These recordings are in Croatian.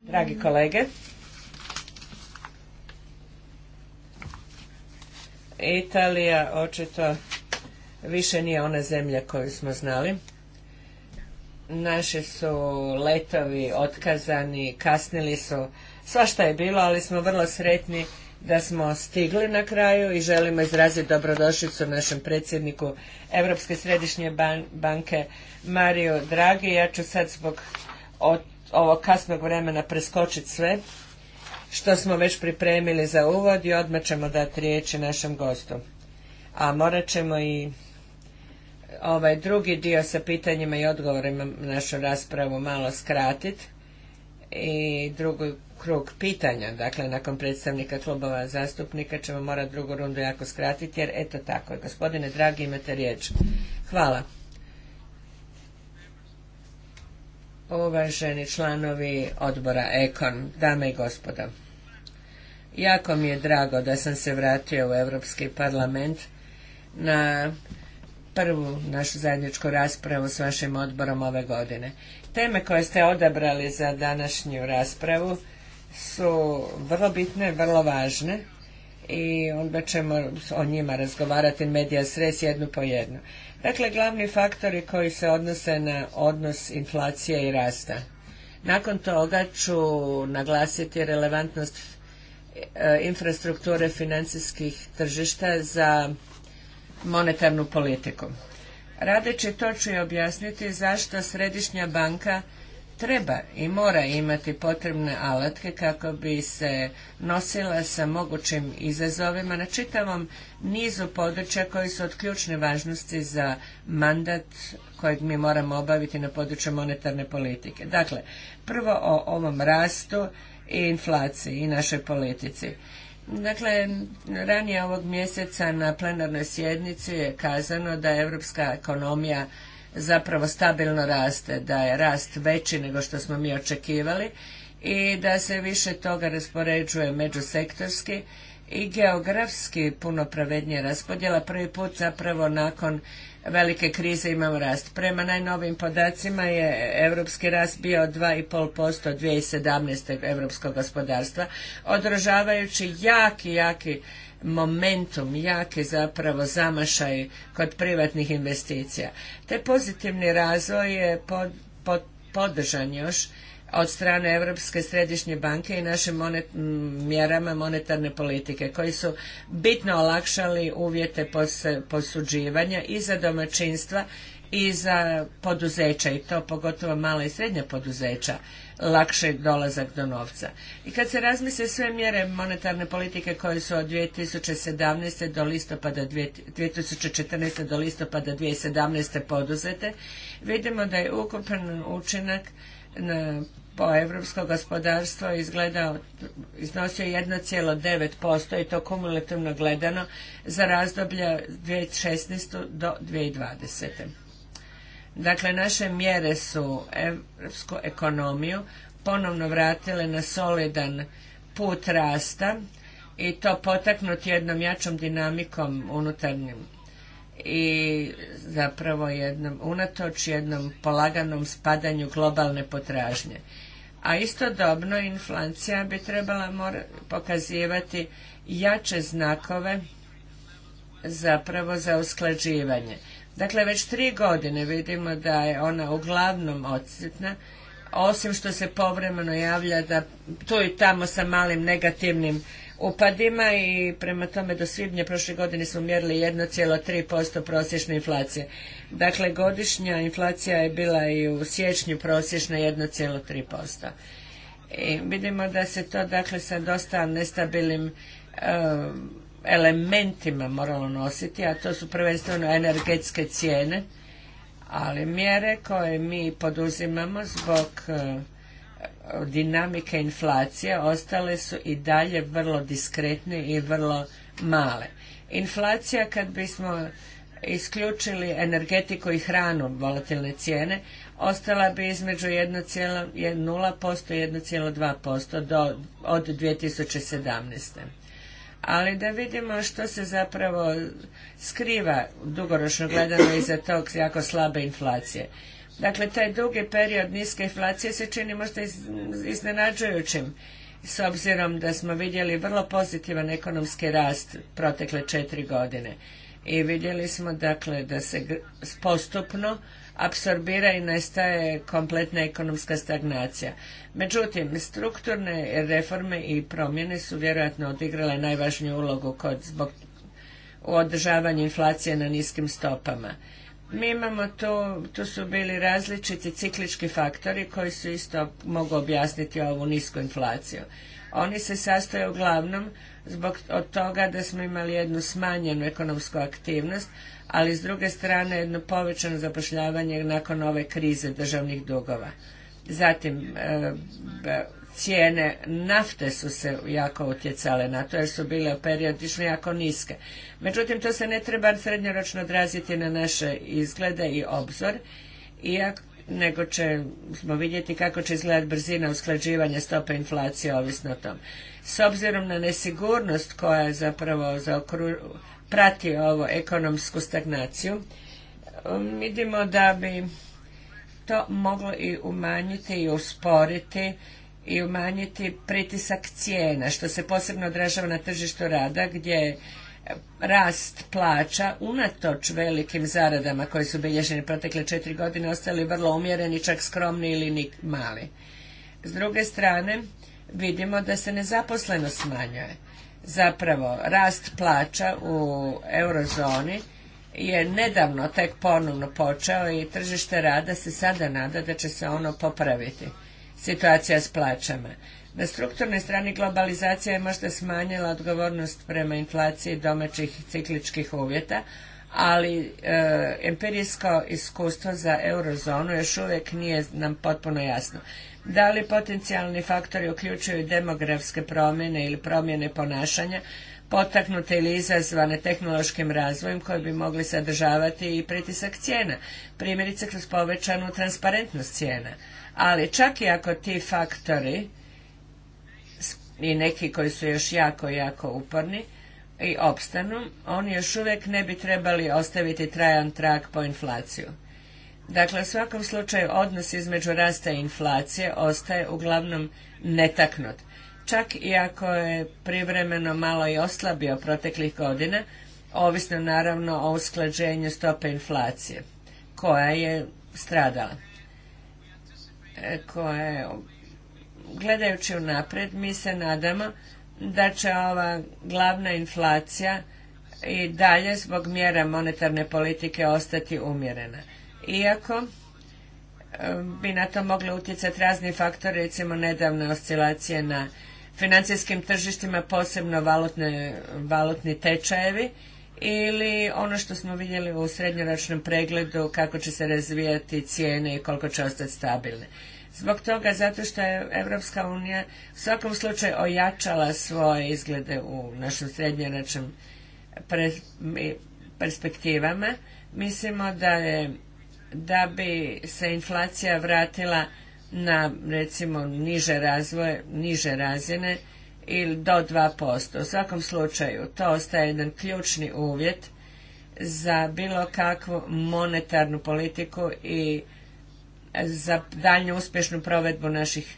Dragi kolege. Italija očito više nije ona zemlja koju smo znali. Naši su letovi otkazani, kasnili su, svašta je bilo, ali smo vrlo sretni da smo stigli na kraju i želimo izraziti dobrodošlicu našem predsjedniku Europske središnje banke Mario Draghi. Ja ću sad zbog od ovog kasnog vremena preskočiti sve što smo već pripremili za uvod i odmah ćemo dati riječi našem gostu. A morat ćemo i ovaj drugi dio sa pitanjima i odgovorima našu raspravu malo skratiti i drugi krug pitanja, dakle nakon predstavnika klubova zastupnika ćemo morati drugu rundu jako skratiti jer eto tako je. Gospodine dragi imate riječ. Hvala. Uvaženi članovi odbora Ekon, dame i gospodo. Jako mi je drago da sam se vratio u Europski parlament na prvu našu zajedničku raspravu s vašim odborom ove godine. Teme koje ste odabrali za današnju raspravu su vrlo bitne, vrlo važne i onda ćemo o njima razgovarati medija sres jednu po jednu. Dakle, glavni faktori koji se odnose na odnos inflacije i rasta. Nakon toga ću naglasiti relevantnost e, infrastrukture financijskih tržišta za monetarnu politiku. Radeći to ću i objasniti zašto Središnja banka treba i mora imati potrebne alatke kako bi se nosila sa mogućim izazovima na čitavom nizu područja koji su od ključne važnosti za mandat kojeg mi moramo obaviti na području monetarne politike. Dakle, prvo o ovom rastu i inflaciji i našoj politici. Dakle, ranije ovog mjeseca na plenarnoj sjednici je kazano da je europska ekonomija zapravo stabilno raste, da je rast veći nego što smo mi očekivali i da se više toga raspoređuje međusektorski i geografski puno raspodjela. Prvi put zapravo nakon velike krize imamo rast. Prema najnovim podacima je europski rast bio 2,5% 2017. europskog gospodarstva, održavajući jaki, jaki momentum, jaki zapravo zamašaj kod privatnih investicija. Te pozitivni razvoj je podržan još od strane Europske središnje banke i našim mjerama monetarne politike koji su bitno olakšali uvjete posuđivanja i za domaćinstva i za poduzeća i to pogotovo mala i srednja poduzeća lakši dolazak do novca. I kad se razmisle sve mjere monetarne politike koje su od 2017. do listopada 2014. do listopada 2017. poduzete, vidimo da je ukupan učinak po europsko gospodarstvo izgledao, iznosio 1,9% i to kumulativno gledano za razdoblje 2016. do 2020. Dakle, naše mjere su evropsku ekonomiju ponovno vratile na solidan put rasta i to potaknut jednom jačom dinamikom unutarnjim i zapravo jednom, unatoč jednom polaganom spadanju globalne potražnje. A istodobno inflacija bi trebala pokazivati jače znakove zapravo za usklađivanje. Dakle, već tri godine vidimo da je ona uglavnom odsjetna, osim što se povremeno javlja da tu i tamo sa malim negativnim upadima i prema tome do svibnja prošle godine smo mjerili 1,3% prosječne inflacije. Dakle, godišnja inflacija je bila i u siječnju prosječna 1,3%. I vidimo da se to dakle sa dosta nestabilnim elementima moralo nositi, a to su prvenstveno energetske cijene, ali mjere koje mi poduzimamo zbog e, dinamike inflacije ostale su i dalje vrlo diskretne i vrlo male. Inflacija kad bismo isključili energetiku i hranu volatilne cijene, ostala bi između 1,0% i 1,2% do, od 2017 ali da vidimo što se zapravo skriva dugoročno gledano iza tog jako slabe inflacije. Dakle, taj dugi period niske inflacije se čini možda iznenađujućim s obzirom da smo vidjeli vrlo pozitivan ekonomski rast protekle četiri godine. I vidjeli smo dakle da se postupno apsorbira i nestaje kompletna ekonomska stagnacija. Međutim, strukturne reforme i promjene su vjerojatno odigrale najvažniju ulogu kod zbog u održavanju inflacije na niskim stopama. Mi imamo tu, tu su bili različiti ciklički faktori koji su isto mogu objasniti ovu nisku inflaciju. Oni se sastoje uglavnom zbog od toga da smo imali jednu smanjenu ekonomsku aktivnost, ali s druge strane jedno povećano zapošljavanje nakon ove krize državnih dugova. Zatim, e, cijene nafte su se jako utjecale na to jer su bile periodično jako niske. Međutim, to se ne treba srednjoročno odraziti na naše izglede i obzor, iako nego ćemo vidjeti kako će izgledati brzina usklađivanja stope inflacije ovisno o tom. S obzirom na nesigurnost koja zapravo zaokru... prati ovo ekonomsku stagnaciju, um, vidimo da bi to moglo i umanjiti i usporiti i umanjiti pritisak cijena, što se posebno odražava na tržištu rada, gdje rast plaća unatoč velikim zaradama koje su bilježene protekle četiri godine ostali vrlo umjereni, čak skromni ili ni mali. S druge strane, vidimo da se nezaposlenost smanjuje. Zapravo, rast plaća u eurozoni je nedavno tek ponovno počeo i tržište rada se sada nada da će se ono popraviti. Situacija s plaćama. Na strukturnoj strani globalizacija je možda smanjila odgovornost prema inflaciji domaćih cikličkih uvjeta, ali e, empirijsko iskustvo za eurozonu još uvijek nije nam potpuno jasno. Da li potencijalni faktori uključuju demografske promjene ili promjene ponašanja, potaknute ili izazvane tehnološkim razvojem koje bi mogli sadržavati i pritisak cijena, primjerice kroz povećanu transparentnost cijena. Ali čak i ako ti faktori i neki koji su još jako, jako uporni i opstanu, oni još uvijek ne bi trebali ostaviti trajan trag po inflaciju. Dakle, u svakom slučaju odnos između rasta i inflacije ostaje uglavnom netaknut. Čak i ako je privremeno malo i oslabio proteklih godina, ovisno naravno o usklađenju stope inflacije, koja je stradala, e, koja je gledajući unaprijed mi se nadamo da će ova glavna inflacija i dalje zbog mjera monetarne politike ostati umjerena. Iako e, bi na to mogli utjecati razni faktori, recimo nedavne oscilacije na financijskim tržištima, posebno valutni tečajevi ili ono što smo vidjeli u srednjoročnom pregledu kako će se razvijati cijene i koliko će ostati stabilne. Zbog toga, zato što je Europska unija u svakom slučaju ojačala svoje izglede u našim srednjoročnim perspektivama. Mislimo da je da bi se inflacija vratila na recimo niže razvoje, niže razine ili do 2%. U svakom slučaju to ostaje jedan ključni uvjet za bilo kakvu monetarnu politiku i za daljnju uspješnu provedbu naših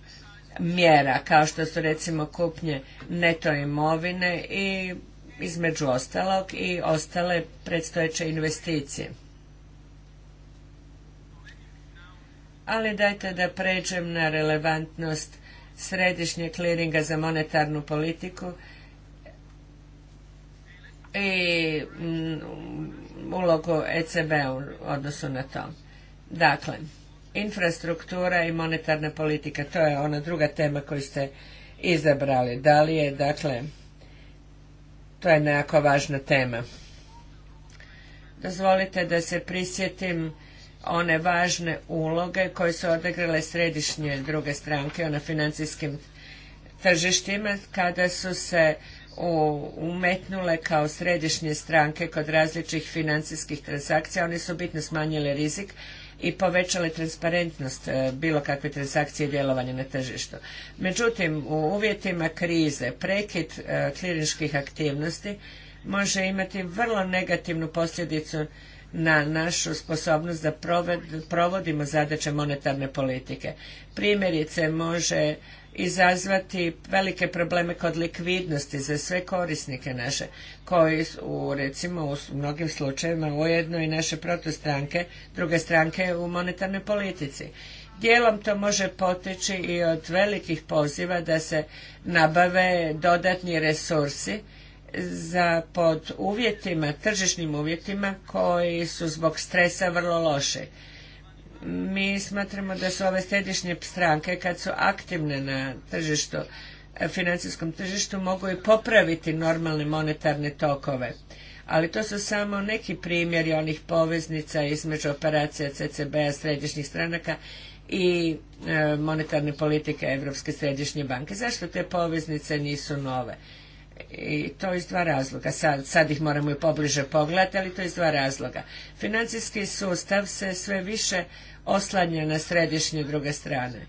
mjera, kao što su recimo kupnje neto imovine i između ostalog i ostale predstojeće investicije. Ali dajte da pređem na relevantnost središnje kliringa za monetarnu politiku i mm, ulogu ECB u odnosu na to. Dakle, infrastruktura i monetarna politika. To je ona druga tema koju ste izabrali. Da li je, dakle, to je nekako važna tema. Dozvolite da se prisjetim one važne uloge koje su odigrale središnje druge stranke na financijskim tržištima kada su se umetnule kao središnje stranke kod različitih financijskih transakcija. One su bitno smanjile rizik i povećale transparentnost e, bilo kakve transakcije i djelovanja na tržištu. Međutim, u uvjetima krize prekid e, kliničkih aktivnosti može imati vrlo negativnu posljedicu na našu sposobnost da provodimo zadaće monetarne politike. Primjerice može izazvati velike probleme kod likvidnosti za sve korisnike naše, koji su recimo u mnogim slučajevima ujedno i naše protostranke, druge stranke u monetarnoj politici. Dijelom to može poteći i od velikih poziva da se nabave dodatni resursi za pod uvjetima, tržišnim uvjetima koji su zbog stresa vrlo loši mi smatramo da su ove središnje stranke kad su aktivne na tržištu, e, financijskom tržištu mogu i popraviti normalne monetarne tokove. Ali to su samo neki primjeri onih poveznica između operacija CCB-a središnjih stranaka i e, monetarne politike Europske središnje banke. Zašto te poveznice nisu nove? I to iz dva razloga. Sad, sad ih moramo i pobliže pogledati, ali to iz dva razloga. Financijski sustav se sve više oslanja na središnje druge strane.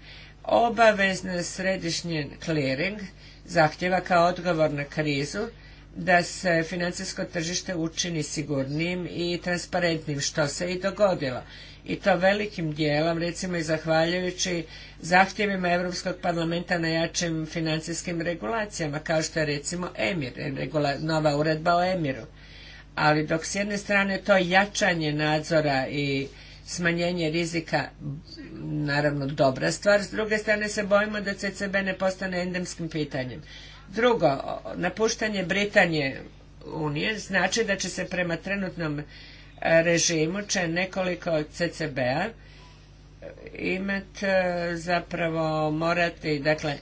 Obavezna središnji clearing zahtjeva kao odgovor na krizu da se financijsko tržište učini sigurnijim i transparentnim, što se i dogodilo. I to velikim dijelom, recimo i zahvaljujući zahtjevima Europskog parlamenta na jačim financijskim regulacijama, kao što je recimo EMIR, nova uredba o EMIR-u. Ali dok s jedne strane to jačanje nadzora i smanjenje rizika naravno dobra stvar, s druge strane se bojimo da CCB ne postane endemskim pitanjem. Drugo, napuštanje Britanije Unije znači da će se prema trenutnom e, režimu će nekoliko CCB-a e, imati e, zapravo morati, dakle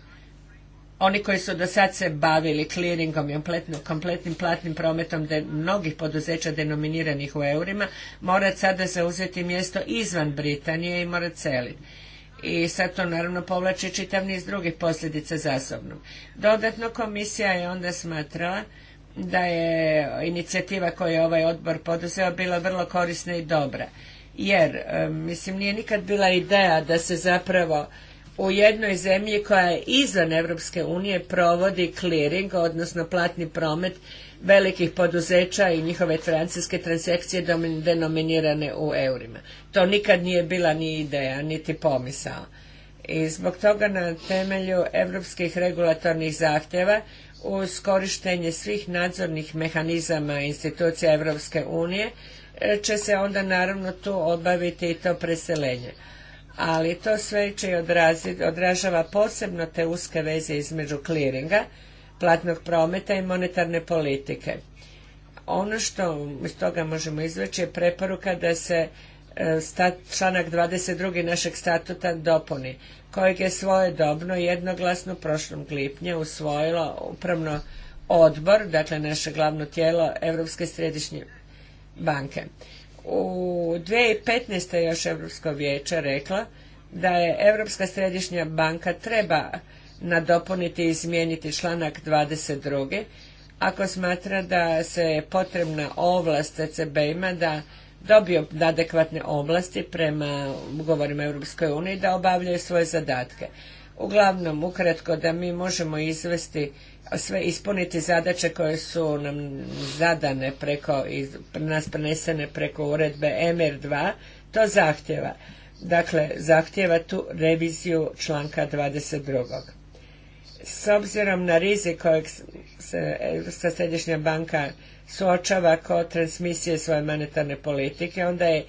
oni koji su do sad se bavili clearingom i kompletnim platnim prometom mnogih poduzeća denominiranih u eurima, morat sada zauzeti mjesto izvan Britanije i mora celiti. I sad to naravno povlači čitav niz drugih posljedica za Dodatno komisija je onda smatrala da je inicijativa koju je ovaj odbor poduzeo bila vrlo korisna i dobra. Jer, e, mislim, nije nikad bila ideja da se zapravo u jednoj zemlji koja je izvan Europske unije provodi clearing, odnosno platni promet velikih poduzeća i njihove financijske transakcije denominirane u eurima. To nikad nije bila ni ideja, niti pomisao. I zbog toga na temelju europskih regulatornih zahtjeva uz korištenje svih nadzornih mehanizama institucija Europske unije e, će se onda naravno tu obaviti i to preseljenje ali to sve će i odraziti, odražava posebno te uske veze između kliringa, platnog prometa i monetarne politike. Ono što iz toga možemo izveći je preporuka da se e, članak 22. našeg statuta dopuni, kojeg je svojedobno jednoglasno prošlom lipnja usvojilo upravno odbor, dakle naše glavno tijelo Europske središnje banke. U 2015. još Europsko vijeće rekla da je Europska središnja banka treba nadopuniti i izmijeniti članak 22. ako smatra da se je potrebna ovlast CCB-ima da dobiju adekvatne ovlasti prema ugovorima Europskoj uniji da obavljaju svoje zadatke. Uglavnom, ukratko, da mi možemo izvesti sve ispuniti zadaće koje su nam zadane preko, nas prenesene preko uredbe MR2, to zahtjeva. Dakle, zahtjeva tu reviziju članka 22. S obzirom na rizik kojeg se Europska središnja banka suočava kod transmisije svoje monetarne politike, onda je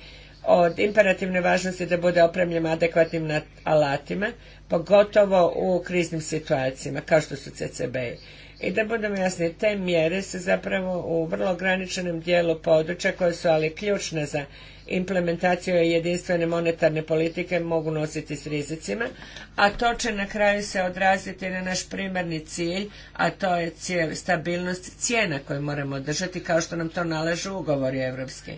od imperativne važnosti da bude opremljen adekvatnim alatima, pogotovo u kriznim situacijama, kao što su CCB. I da budemo jasni, te mjere se zapravo u vrlo ograničenom dijelu područja, koje su ali ključne za implementaciju jedinstvene monetarne politike, mogu nositi s rizicima, a to će na kraju se odraziti na naš primarni cilj, a to je stabilnost cijena koju moramo držati, kao što nam to nalažu ugovori europski.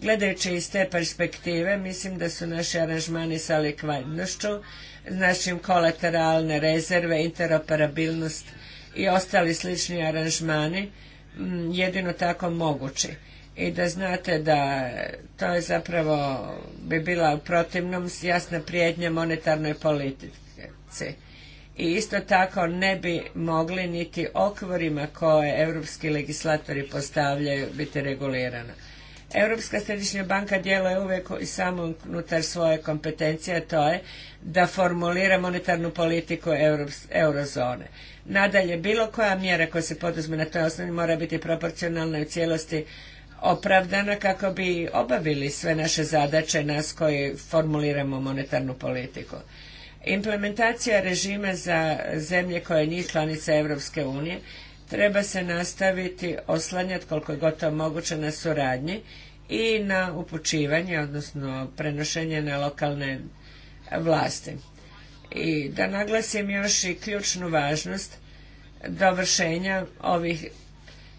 Gledajući iz te perspektive, mislim da su naši aranžmani sa likvidnošću, našim kolateralne rezerve, interoperabilnost i ostali slični aranžmani mm, jedino tako mogući. I da znate da to je zapravo bi bila u protivnom jasna prijednja monetarnoj politici. I isto tako ne bi mogli niti okvorima koje europski legislatori postavljaju biti regulirana. Europska središnja banka djeluje uvijek i samo unutar svoje kompetencije, to je da formulira monetarnu politiku eurozone. Nadalje, bilo koja mjera koja se poduzme na toj osnovi mora biti proporcionalna i u cijelosti opravdana kako bi obavili sve naše zadaće nas koji formuliramo monetarnu politiku. Implementacija režima za zemlje koje nisu članice Europske unije treba se nastaviti oslanjati koliko je gotovo moguće na suradnji i na upućivanje, odnosno prenošenje na lokalne vlasti. I da naglasim još i ključnu važnost dovršenja ovih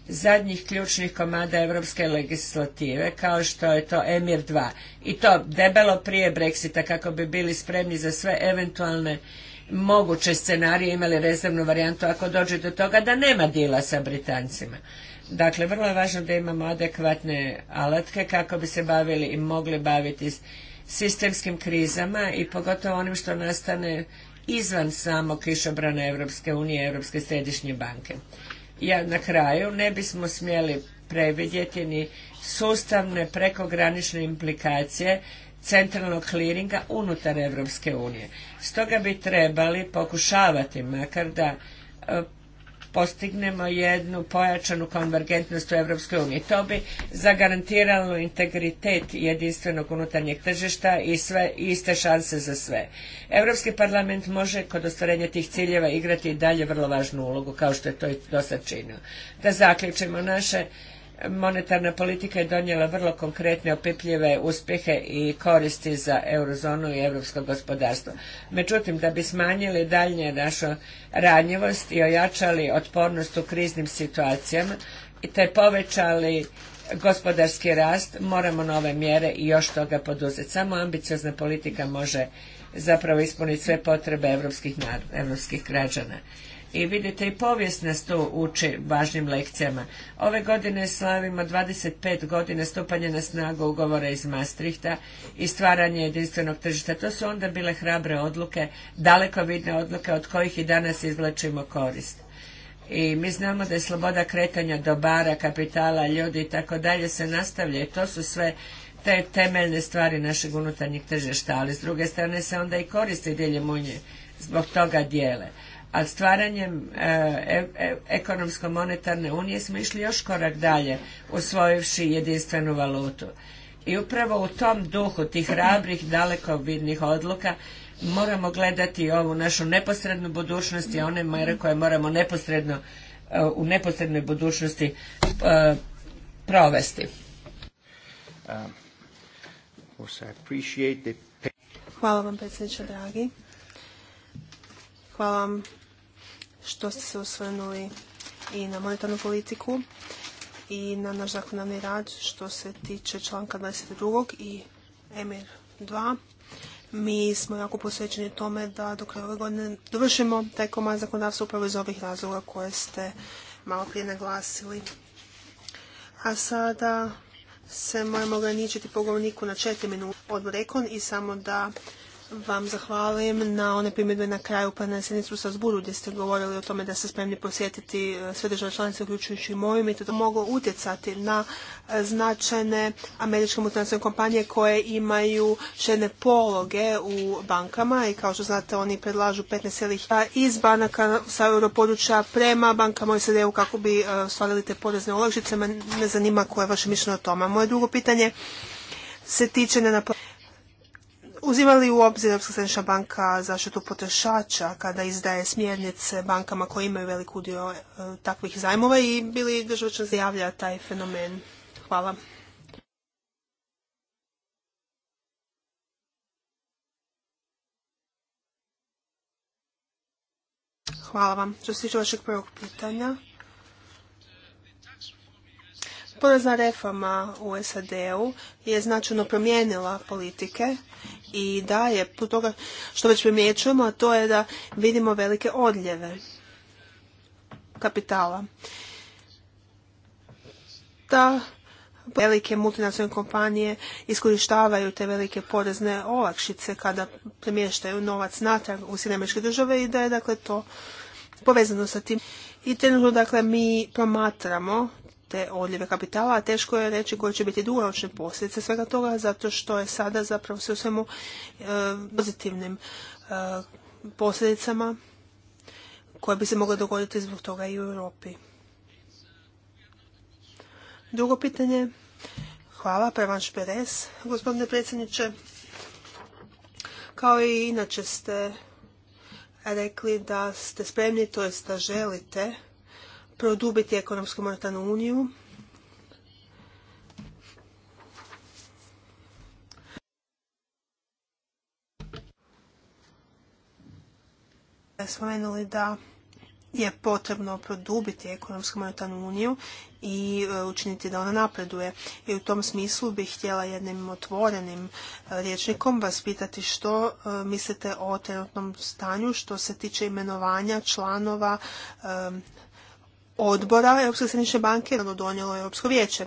zadnjih ključnih komada europske legislative kao što je to EMIR 2 i to debelo prije Brexita kako bi bili spremni za sve eventualne moguće scenarije imali rezervnu varijantu ako dođe do toga da nema dila sa Britancima. Dakle, vrlo je važno da imamo adekvatne alatke kako bi se bavili i mogli baviti s sistemskim krizama i pogotovo onim što nastane izvan samog kišobrana Evropske unije i Europske središnje banke. Ja na kraju ne bismo smjeli previdjeti ni sustavne prekogranične implikacije centralnog kliringa unutar Evropske unije. Stoga bi trebali pokušavati makar da e, postignemo jednu pojačanu konvergentnost u Evropskoj uniji. To bi zagarantiralo integritet jedinstvenog unutarnjeg tržišta i sve iste šanse za sve. Europski parlament može kod ostvarenja tih ciljeva igrati i dalje vrlo važnu ulogu kao što je to i do činio. Da zaključimo naše monetarna politika je donijela vrlo konkretne opipljive uspjehe i koristi za eurozonu i europsko gospodarstvo. Međutim, da bi smanjili daljnje našu ranjivost i ojačali otpornost u kriznim situacijama i te povećali gospodarski rast, moramo nove mjere i još toga poduzeti. Samo ambiciozna politika može zapravo ispuniti sve potrebe europskih građana. I vidite i povijest nas tu uči važnim lekcijama. Ove godine slavimo 25 godina stupanja na snagu ugovora iz Maastrichta i stvaranje jedinstvenog tržišta. To su onda bile hrabre odluke, vidne odluke od kojih i danas izvlačimo korist. I mi znamo da je sloboda kretanja dobara, kapitala, ljudi i tako dalje se nastavlja i to su sve te temeljne stvari našeg unutarnjeg tržišta, ali s druge strane se onda i koristi diljem unije zbog toga dijele a stvaranjem e, e, e, ekonomsko-monetarne unije smo išli još korak dalje usvojivši jedinstvenu valutu. I upravo u tom duhu tih hrabrih, dalekovidnih odluka moramo gledati ovu našu neposrednu budućnost i one mere koje moramo neposredno, u neposrednoj budućnosti provesti. Um, pa- Hvala vam predsjedniče dragi. Hvala vam što ste se osvrnuli i na monetarnu politiku i na naš zakonavni rad što se tiče članka 22. i EMIR 2. Mi smo jako posvećeni tome da do kraja ove godine dovršimo taj komad zakonodavstva upravo iz ovih razloga koje ste malo prije naglasili. A sada se moramo ograničiti pogovorniku na četiri minuta od rekon i samo da vam zahvalim na one primjedbe na kraju pa na sjednicu sa Zburu gdje ste govorili o tome da se spremni posjetiti e, sve države članice uključujući i mojim i to moglo utjecati na e, značajne američke multinacionalne kompanije koje imaju šedne pologe u bankama i kao što znate oni predlažu 15 e, iz banaka sa europodručja prema bankama i sad kako bi stvarili te porezne olakšice. Me zanima koje je vaše mišljenje o tome. Moje drugo pitanje se tiče na uzimali u obzir Europska središnja banka zaštitu potrošača kada izdaje smjernice bankama koje imaju velik udio e, takvih zajmova i bili državačno zajavlja taj fenomen? Hvala. Hvala vam. Što se tiče vašeg prvog pitanja, porezna reforma u SAD-u je značajno promijenila politike i je, po toga što već primjećujemo, a to je da vidimo velike odljeve kapitala. Da velike multinacionalne kompanije iskorištavaju te velike porezne olakšice kada premještaju novac natrag u Sjedinjene države i da je dakle to povezano sa tim. I trenutno dakle mi promatramo te odljeve kapitala, a teško je reći koje će biti dugoročne posljedice svega toga, zato što je sada zapravo sve u svemu e, pozitivnim e, posljedicama koje bi se mogle dogoditi zbog toga i u Europi. Drugo pitanje. Hvala, Prevanš Perez. Gospodine predsjedniče, kao i inače ste rekli da ste spremni, to da želite produbiti ekonomsku monetarnu uniju. Spomenuli da je potrebno produbiti ekonomsku monetarnu uniju i e, učiniti da ona napreduje. I u tom smislu bih htjela jednim otvorenim e, rječnikom vas pitati što e, mislite o trenutnom stanju što se tiče imenovanja članova odbora Europske središnje banke donijelo Europsko vijeće.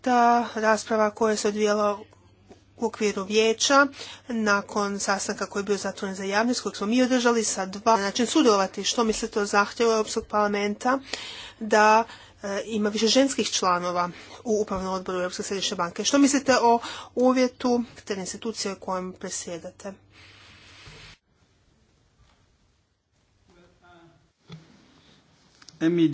Ta rasprava koja se odvijela u okviru vijeća nakon sastanka koji je bio zatvoren za javnost kojeg smo mi održali sa dva način sudjelovati što mislite o zahtjevu Europskog parlamenta da e, ima više ženskih članova u upravnom odboru Europske središnje banke. Što mislite o uvjetu te institucije kojem presjedate? Um,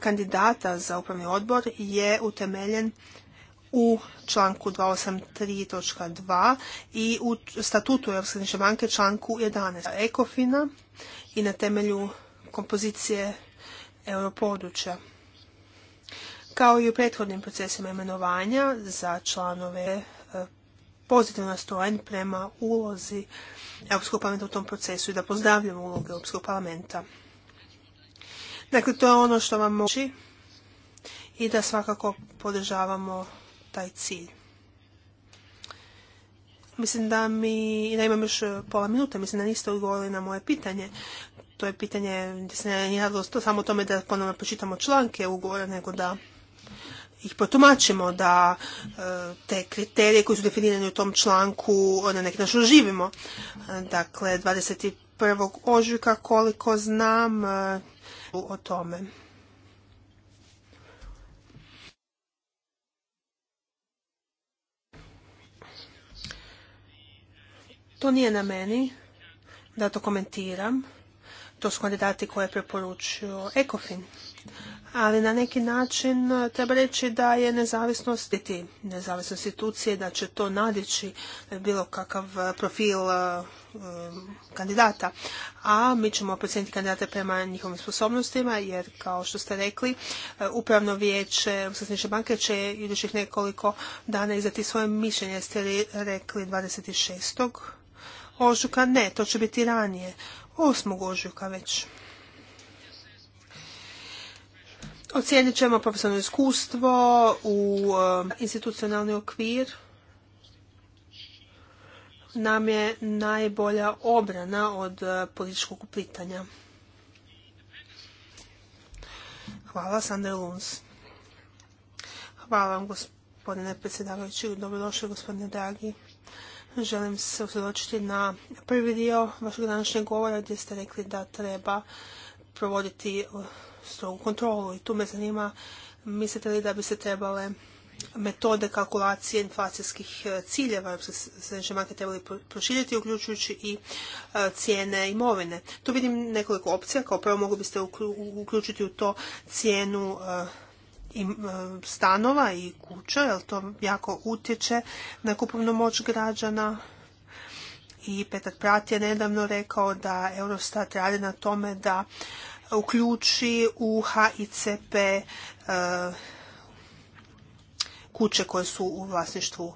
kandidata za upravni odbor je utemeljen u članku 283.2 i u statutu Europske banke članku 11. Ekofina i na temelju kompozicije europodručja. Kao i u prethodnim procesima imenovanja za članove e, pozitivno nastojen prema ulozi Europskog parlamenta u tom procesu i da pozdravljamo ulogu Europskog parlamenta. Dakle, to je ono što vam moći i da svakako podržavamo taj cilj. Mislim da mi, da imam još e, pola minuta, mislim da niste odgovorili na moje pitanje. To je pitanje gdje se ne radilo samo o tome da ponovno pročitamo članke ugovora, nego da ih potumačimo, da e, te kriterije koji su definirani u tom članku e, na neki način živimo. Dakle, 21. ožujka koliko znam o tome. To nije na meni da to komentiram. To su kandidati koje je preporučio Ekofin ali na neki način e, treba reći da je nezavisnost ti nezavisne institucije, da će to nadići e, bilo kakav e, profil kandidata. A mi ćemo procijeniti kandidate prema njihovim sposobnostima, jer kao što ste rekli, upravno vijeće Europske banke će idućih nekoliko dana izdati svoje mišljenje, ste li rekli 26. ožuka? Ne, to će biti ranije, 8. ožuka već. Ocijenit ćemo profesionalno iskustvo u um, institucionalni okvir. Nam je najbolja obrana od uh, političkog uplitanja. Hvala, Sandra Luns. Hvala vam, gospodine predsjedavajući. Dobrodošli, gospodine dragi. Želim se usredočiti na prvi dio vašeg današnjeg govora gdje ste rekli da treba provoditi uh, strogu kontrolu i tu me zanima mislite li da bi se trebale metode kalkulacije inflacijskih e, ciljeva Europske središnje banke trebali proširiti, uključujući i e, cijene imovine. Tu vidim nekoliko opcija. Kao prvo mogli biste uključiti u to cijenu e, stanova i kuća, jer to jako utječe na kupovnu moć građana. I Petar Prat je nedavno rekao da Eurostat radi na tome da uključi u HICP eh, kuće koje su u vlasništvu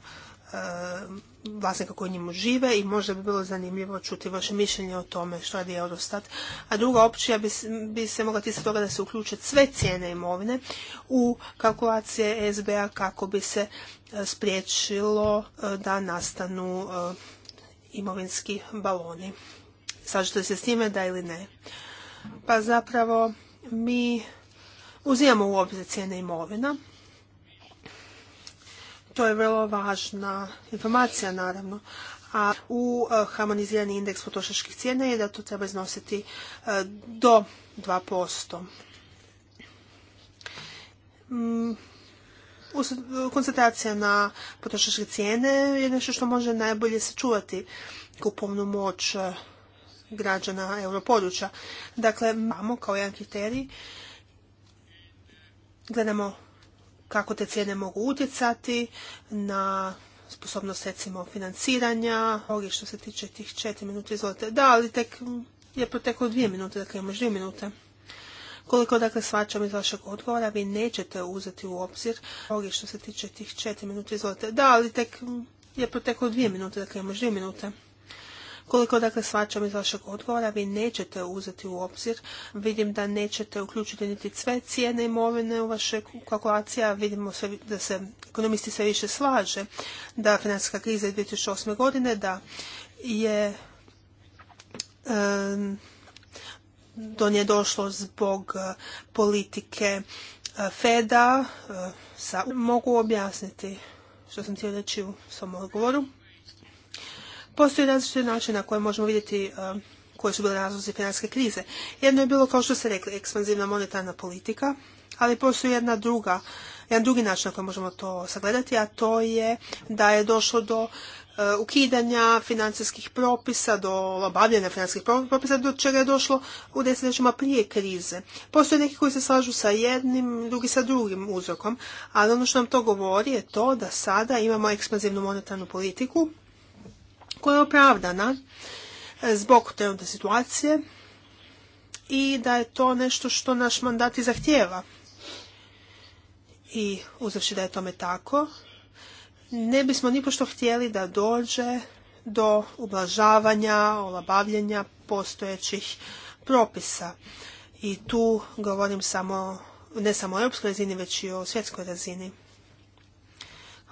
eh, vlasnika koji njim žive i možda bi bilo zanimljivo čuti vaše mišljenje o tome što radi Eurostat. A druga opcija bi, se mogla tisati toga da se uključe sve cijene imovine u kalkulacije SBA kako bi se eh, spriječilo da nastanu imovinski baloni. Slažete se s time da ili ne? pa zapravo mi uzimamo u obzir cijene imovina. To je vrlo važna informacija, naravno. A u e, harmonizirani indeks potrošačkih cijena je da to treba iznositi e, do 2%. posto mm, Koncentracija na potrošačke cijene je nešto što može najbolje sačuvati kupovnu moć e, građana europodručja. Dakle, imamo kao jedan kriterij, gledamo kako te cijene mogu utjecati na sposobnost recimo financiranja. Ovdje što se tiče tih četiri minuta izvolite. Da, ali tek je proteklo dvije minute, dakle imaš dvije minute. Koliko dakle svačam iz vašeg odgovora, vi nećete uzeti u obzir. Ovdje što se tiče tih četiri minuta izvolite. Da, ali tek je proteklo dvije minute, dakle imaš dvije minute. Koliko dakle svačam iz vašeg odgovora, vi nećete uzeti u obzir. Vidim da nećete uključiti niti sve cijene imovine u vaše kalkulacije. Vidimo da se ekonomisti sve više slaže da financijska kriza iz 2008. godine, da je do nje došlo zbog e, politike e, Feda. E, mogu objasniti što sam htio reći u svom odgovoru. Postoji različite načine na koje možemo vidjeti koje koji su bili razlozi financijske krize. Jedno je bilo, kao što ste rekli, ekspanzivna monetarna politika, ali postoji jedna druga, jedan drugi način na koji možemo to sagledati, a to je da je došlo do e, ukidanja financijskih propisa, do obavljanja financijskih propisa, do čega je došlo u desetljećima prije krize. Postoje neki koji se slažu sa jednim, drugi sa drugim uzrokom, ali ono što nam to govori je to da sada imamo ekspanzivnu monetarnu politiku koja je opravdana zbog trenutne situacije i da je to nešto što naš mandat i zahtijeva. I uzavši da je tome tako, ne bismo nipošto htjeli da dođe do ublažavanja, olabavljenja postojećih propisa. I tu govorim samo, ne samo o europskoj razini, već i o svjetskoj razini.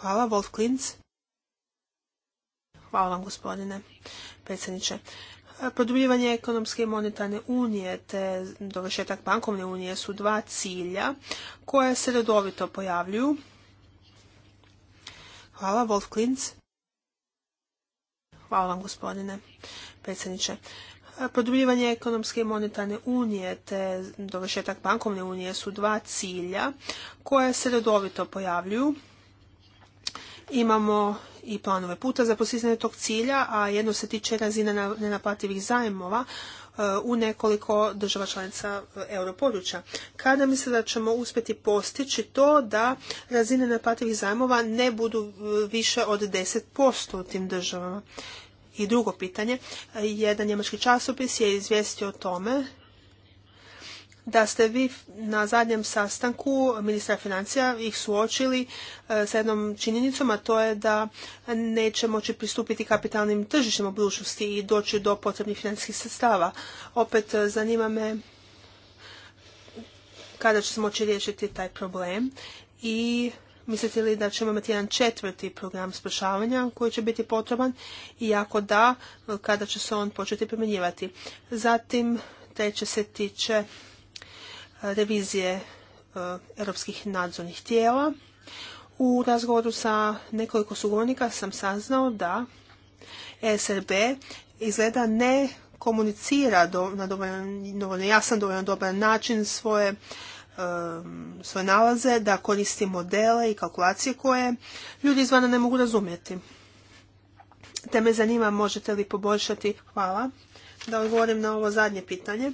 Hvala, Wolf Klintz. Hvala vam gospodine predsjedniče. Produbljivanje ekonomske i monetarne unije te dovršetak bankovne unije su dva cilja koje se redovito pojavljuju. Hvala, Wolf Klinz. Hvala vam gospodine predsjedniče. Produbljivanje ekonomske i monetarne unije te dovršetak bankovne unije su dva cilja koja se redovito pojavljuju. Imamo i planove puta za postizanje tog cilja, a jedno se tiče razine nenaplativih zajmova uh, u nekoliko država članica uh, europodručja. Kada misle da ćemo uspjeti postići to da razine nenaplativih zajmova ne budu uh, više od 10% u tim državama? I drugo pitanje, jedan njemački časopis je izvijestio o tome da ste vi na zadnjem sastanku ministra financija ih suočili e, sa jednom činjenicom, a to je da neće moći pristupiti kapitalnim tržištima u budućnosti i doći do potrebnih financijskih sredstava. Opet e, zanima me kada će se moći riješiti taj problem i mislite li da ćemo imati jedan četvrti program spašavanja koji će biti potreban i ako da, kada će se on početi primjenjivati. Zatim, treće se tiče revizije e, europskih nadzornih tijela. U razgovoru sa nekoliko sugovornika sam saznao da e SRB izgleda ne komunicira na dovoljno jasan, dovoljno dobar način svoje e, svoje nalaze, da koristi modele i kalkulacije koje ljudi izvana ne mogu razumjeti. Te me zanima možete li poboljšati, hvala, da odgovorim na ovo zadnje pitanje.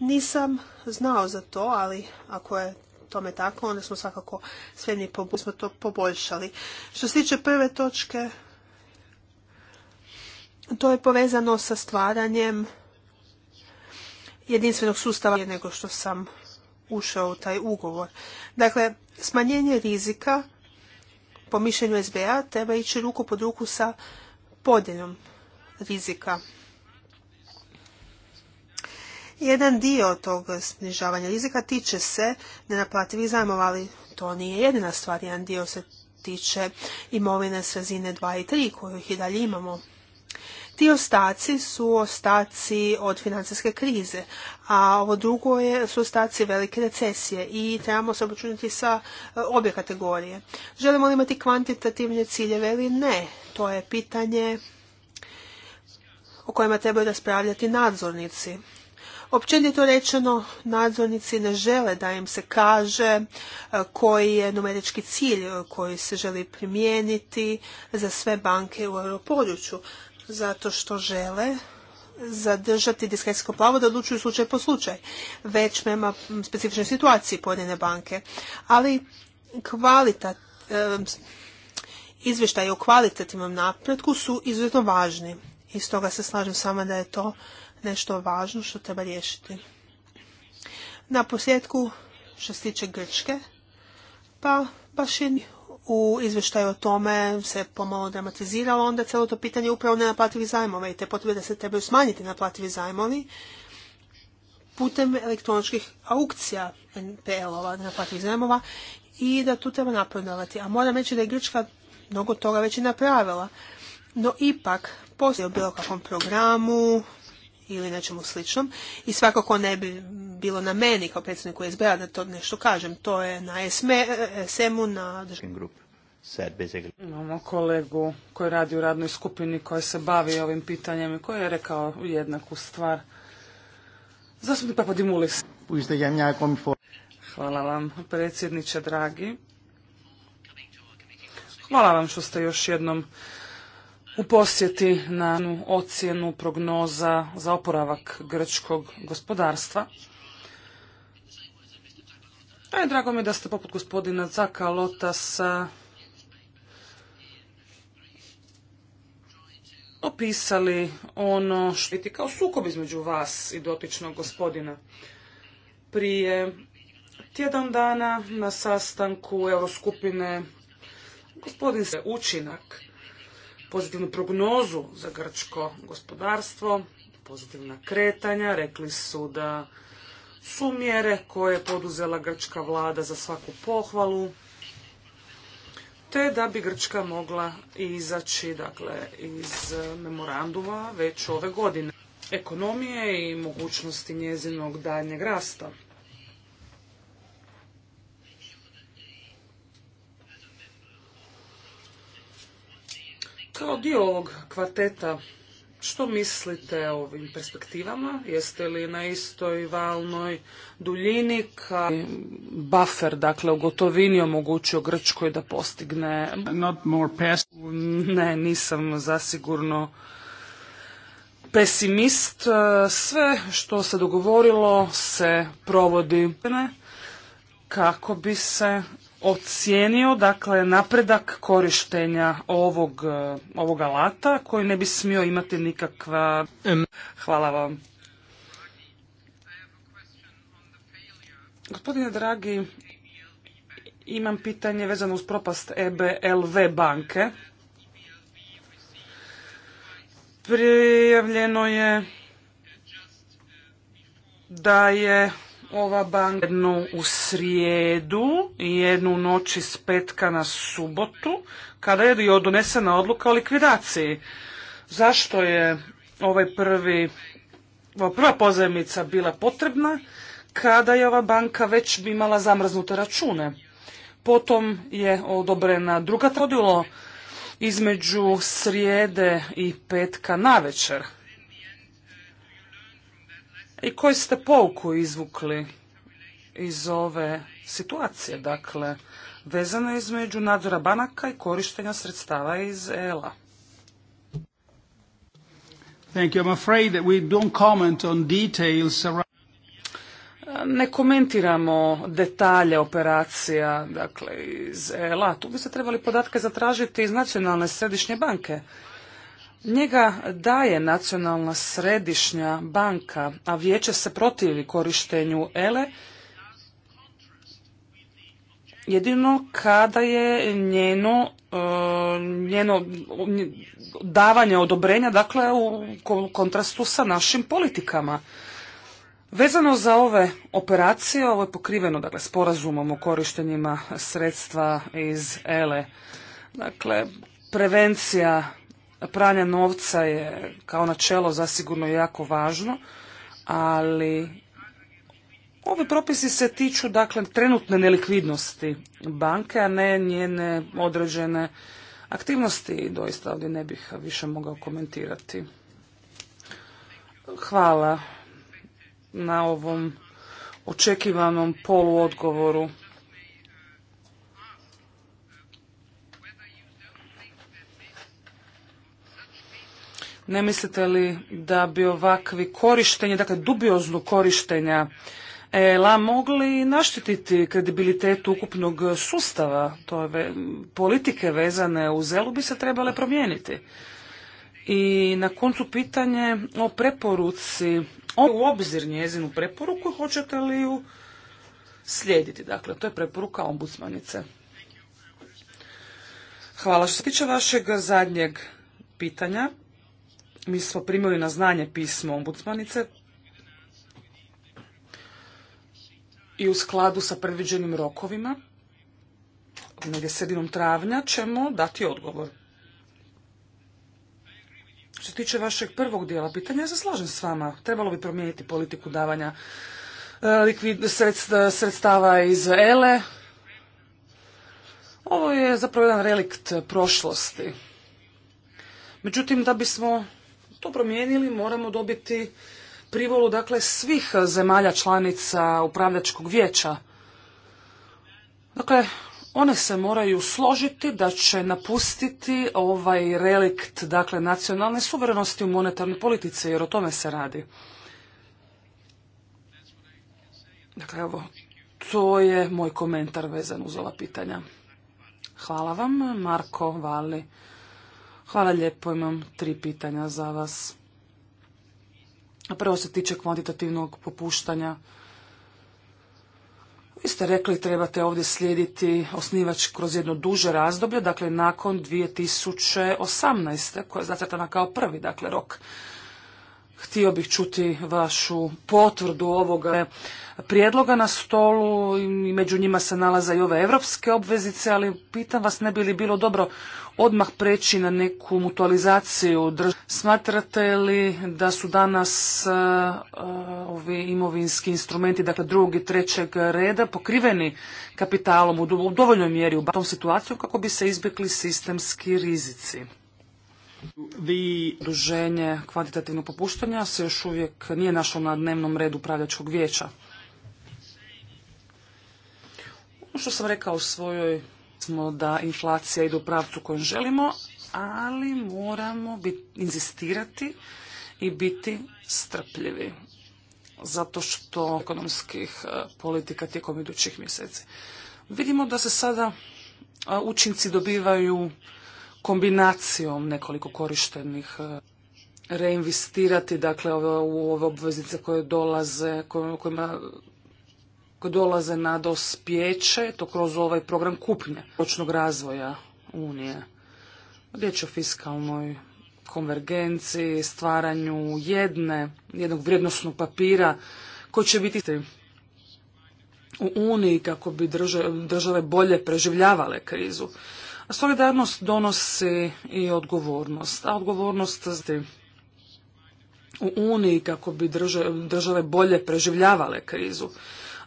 Nisam znao za to, ali ako je tome tako, onda smo svakako sve mi smo to poboljšali. Što se tiče prve točke, to je povezano sa stvaranjem jedinstvenog sustava nego što sam ušao u taj ugovor. Dakle, smanjenje rizika po mišljenju SBA treba ići ruku pod ruku sa podjelom rizika. Jedan dio tog snižavanja rizika tiče se nenaplativih zajmova, ali to nije jedina stvar. Jedan dio se tiče imovine s razine 2 i 3 koju i dalje imamo. Ti ostaci su ostaci od financijske krize, a ovo drugo je, su ostaci velike recesije i trebamo se obračunati sa eh, obje kategorije. Želimo li imati kvantitativne ciljeve ili ne? To je pitanje o kojima trebaju raspravljati nadzornici. Općenito rečeno, nadzornici ne žele da im se kaže e, koji je numerički cilj koji se želi primijeniti za sve banke u europodručju, zato što žele zadržati diskrecijsko pravo da odlučuju slučaj po slučaj, već prema specifičnoj situaciji pojedine banke. Ali kvalita, e, izvještaj o kvalitativnom napretku su izuzetno važni. I stoga se slažem s vama da je to nešto važno što treba riješiti. Na posljedku, što se tiče Grčke, pa baš je u izvještaju o tome se pomalo dramatiziralo, onda celo to pitanje upravo nenaplativih zajmova i te potrebe da se trebaju smanjiti naplativi zajmovi putem elektroničkih aukcija NPL-ova, naplativih zajmova i da tu treba napredovati. A moram reći da je Grčka mnogo toga već i napravila. No ipak, postoji u bilo kakvom programu, ili nečemu sličnom. I svakako ne bi bilo na meni kao predsjedniku SBA da to nešto kažem. To je na SM-u, na državnom Imamo kolegu koji radi u radnoj skupini koja se bavi ovim pitanjem i koji je rekao jednaku stvar. Zastupnik Papadimulis. Hvala vam, predsjedniče dragi. Hvala vam što ste još jednom u posjeti na ocjenu prognoza za oporavak grčkog gospodarstva. E, drago mi je da ste poput gospodina Zaka opisali ono što je kao sukob između vas i dotičnog gospodina. Prije tjedan dana na sastanku Euroskupine gospodin se učinak pozitivnu prognozu za grčko gospodarstvo, pozitivna kretanja. Rekli su da su mjere koje je poduzela grčka vlada za svaku pohvalu, te da bi Grčka mogla izaći dakle, iz memoranduma već ove godine ekonomije i mogućnosti njezinog daljnjeg rasta. Kao dio ovog kvarteta, što mislite o ovim perspektivama? Jeste li na istoj valnoj duljini? kao Buffer, dakle, u gotovini omogućio Grčkoj da postigne... Ne, nisam zasigurno pesimist. Sve što se dogovorilo se provodi kako bi se ocijenio dakle napredak korištenja ovog, e, ovog alata koji ne bi smio imati nikakva... Hvala vam. Gospodine dragi, imam pitanje vezano uz propast EBLV banke. Prijavljeno je da je ova banka jednu u srijedu i jednu noć iz petka na subotu, kada je donesena odluka o likvidaciji. Zašto je ovaj prvi, ova prva pozajmica bila potrebna kada je ova banka već imala zamrznute račune? Potom je odobrena druga trodilo između srijede i petka navečer i koju ste pouku izvukli iz ove situacije, dakle, vezano između nadzora banaka i korištenja sredstava iz ELA. Thank you. I'm afraid that we don't comment on details around... Ne komentiramo detalje operacija, dakle, iz ELA. Tu bi se trebali podatke zatražiti iz Nacionalne središnje banke. Njega daje nacionalna središnja banka, a vijeće se protivi korištenju ELE jedino kada je njeno, eh, njeno davanje odobrenja dakle u kontrastu sa našim politikama. Vezano za ove operacije, ovo je pokriveno dakle, sporazumom o korištenjima sredstva iz ELE. Dakle, prevencija pranja novca je kao načelo zasigurno jako važno, ali ovi propisi se tiču dakle trenutne nelikvidnosti banke, a ne njene određene aktivnosti. Doista ovdje ne bih više mogao komentirati. Hvala na ovom očekivanom poluodgovoru. Ne mislite li da bi ovakvi korištenje, dakle dubioznu korištenja ELA mogli naštititi kredibilitet ukupnog sustava, to je politike vezane u ELU bi se trebale promijeniti. I na koncu pitanje o preporuci, u obzir njezinu preporuku, hoćete li ju slijediti? Dakle, to je preporuka ombudsmanice. Hvala. Što se tiče vašeg zadnjeg pitanja, mi smo primili na znanje pismo ombudsmanice i u skladu sa predviđenim rokovima, negdje sredinom travnja, ćemo dati odgovor. Što tiče vašeg prvog dijela pitanja, ja se slažem s vama. Trebalo bi promijeniti politiku davanja e, sredstava iz ELE. Ovo je zapravo jedan relikt prošlosti. Međutim, da bismo to promijenili moramo dobiti privolu dakle svih zemalja članica upravljačkog vijeća. Dakle, one se moraju složiti da će napustiti ovaj relikt dakle nacionalne suverenosti u monetarnoj politici jer o tome se radi. Dakle, evo, to je moj komentar vezan uz ova pitanja. Hvala vam, Marko Vali. Hvala lijepo, imam tri pitanja za vas. Prvo se tiče kvantitativnog popuštanja. Vi ste rekli trebate ovdje slijediti osnivač kroz jedno duže razdoblje, dakle nakon 2018. koja je zacrtana kao prvi, dakle rok. Htio bih čuti vašu potvrdu ovoga prijedloga na stolu i među njima se nalaze i ove evropske obveznice, ali pitam vas ne bi li bilo dobro odmah preći na neku mutualizaciju. Smatrate li da su danas e, e, ovi imovinski instrumenti, dakle drugog i trećeg reda, pokriveni kapitalom u dovoljnoj mjeri u tom situaciju kako bi se izbjegli sistemski rizici? Vi Druženje kvantitativnog popuštanja se još uvijek nije našlo na dnevnom redu upravljačkog vijeća. Ono što sam rekao u svojoj smo da inflacija ide u pravcu kojem želimo, ali moramo biti inzistirati i biti strpljivi. Zato što ekonomskih e, politika tijekom idućih mjeseci. Vidimo da se sada e, učinci dobivaju kombinacijom nekoliko korištenih e, reinvestirati dakle u ove obveznice koje dolaze kojima koje dolaze na dospjeće to kroz ovaj program kupnje ročnog razvoja Unije. Riječ je o fiskalnoj konvergenciji, stvaranju jedne, jednog vrijednosnog papira koji će biti u Uniji kako bi države bolje preživljavale krizu. Solidarnost donosi i odgovornost, a odgovornost u Uniji kako bi države bolje preživljavale krizu.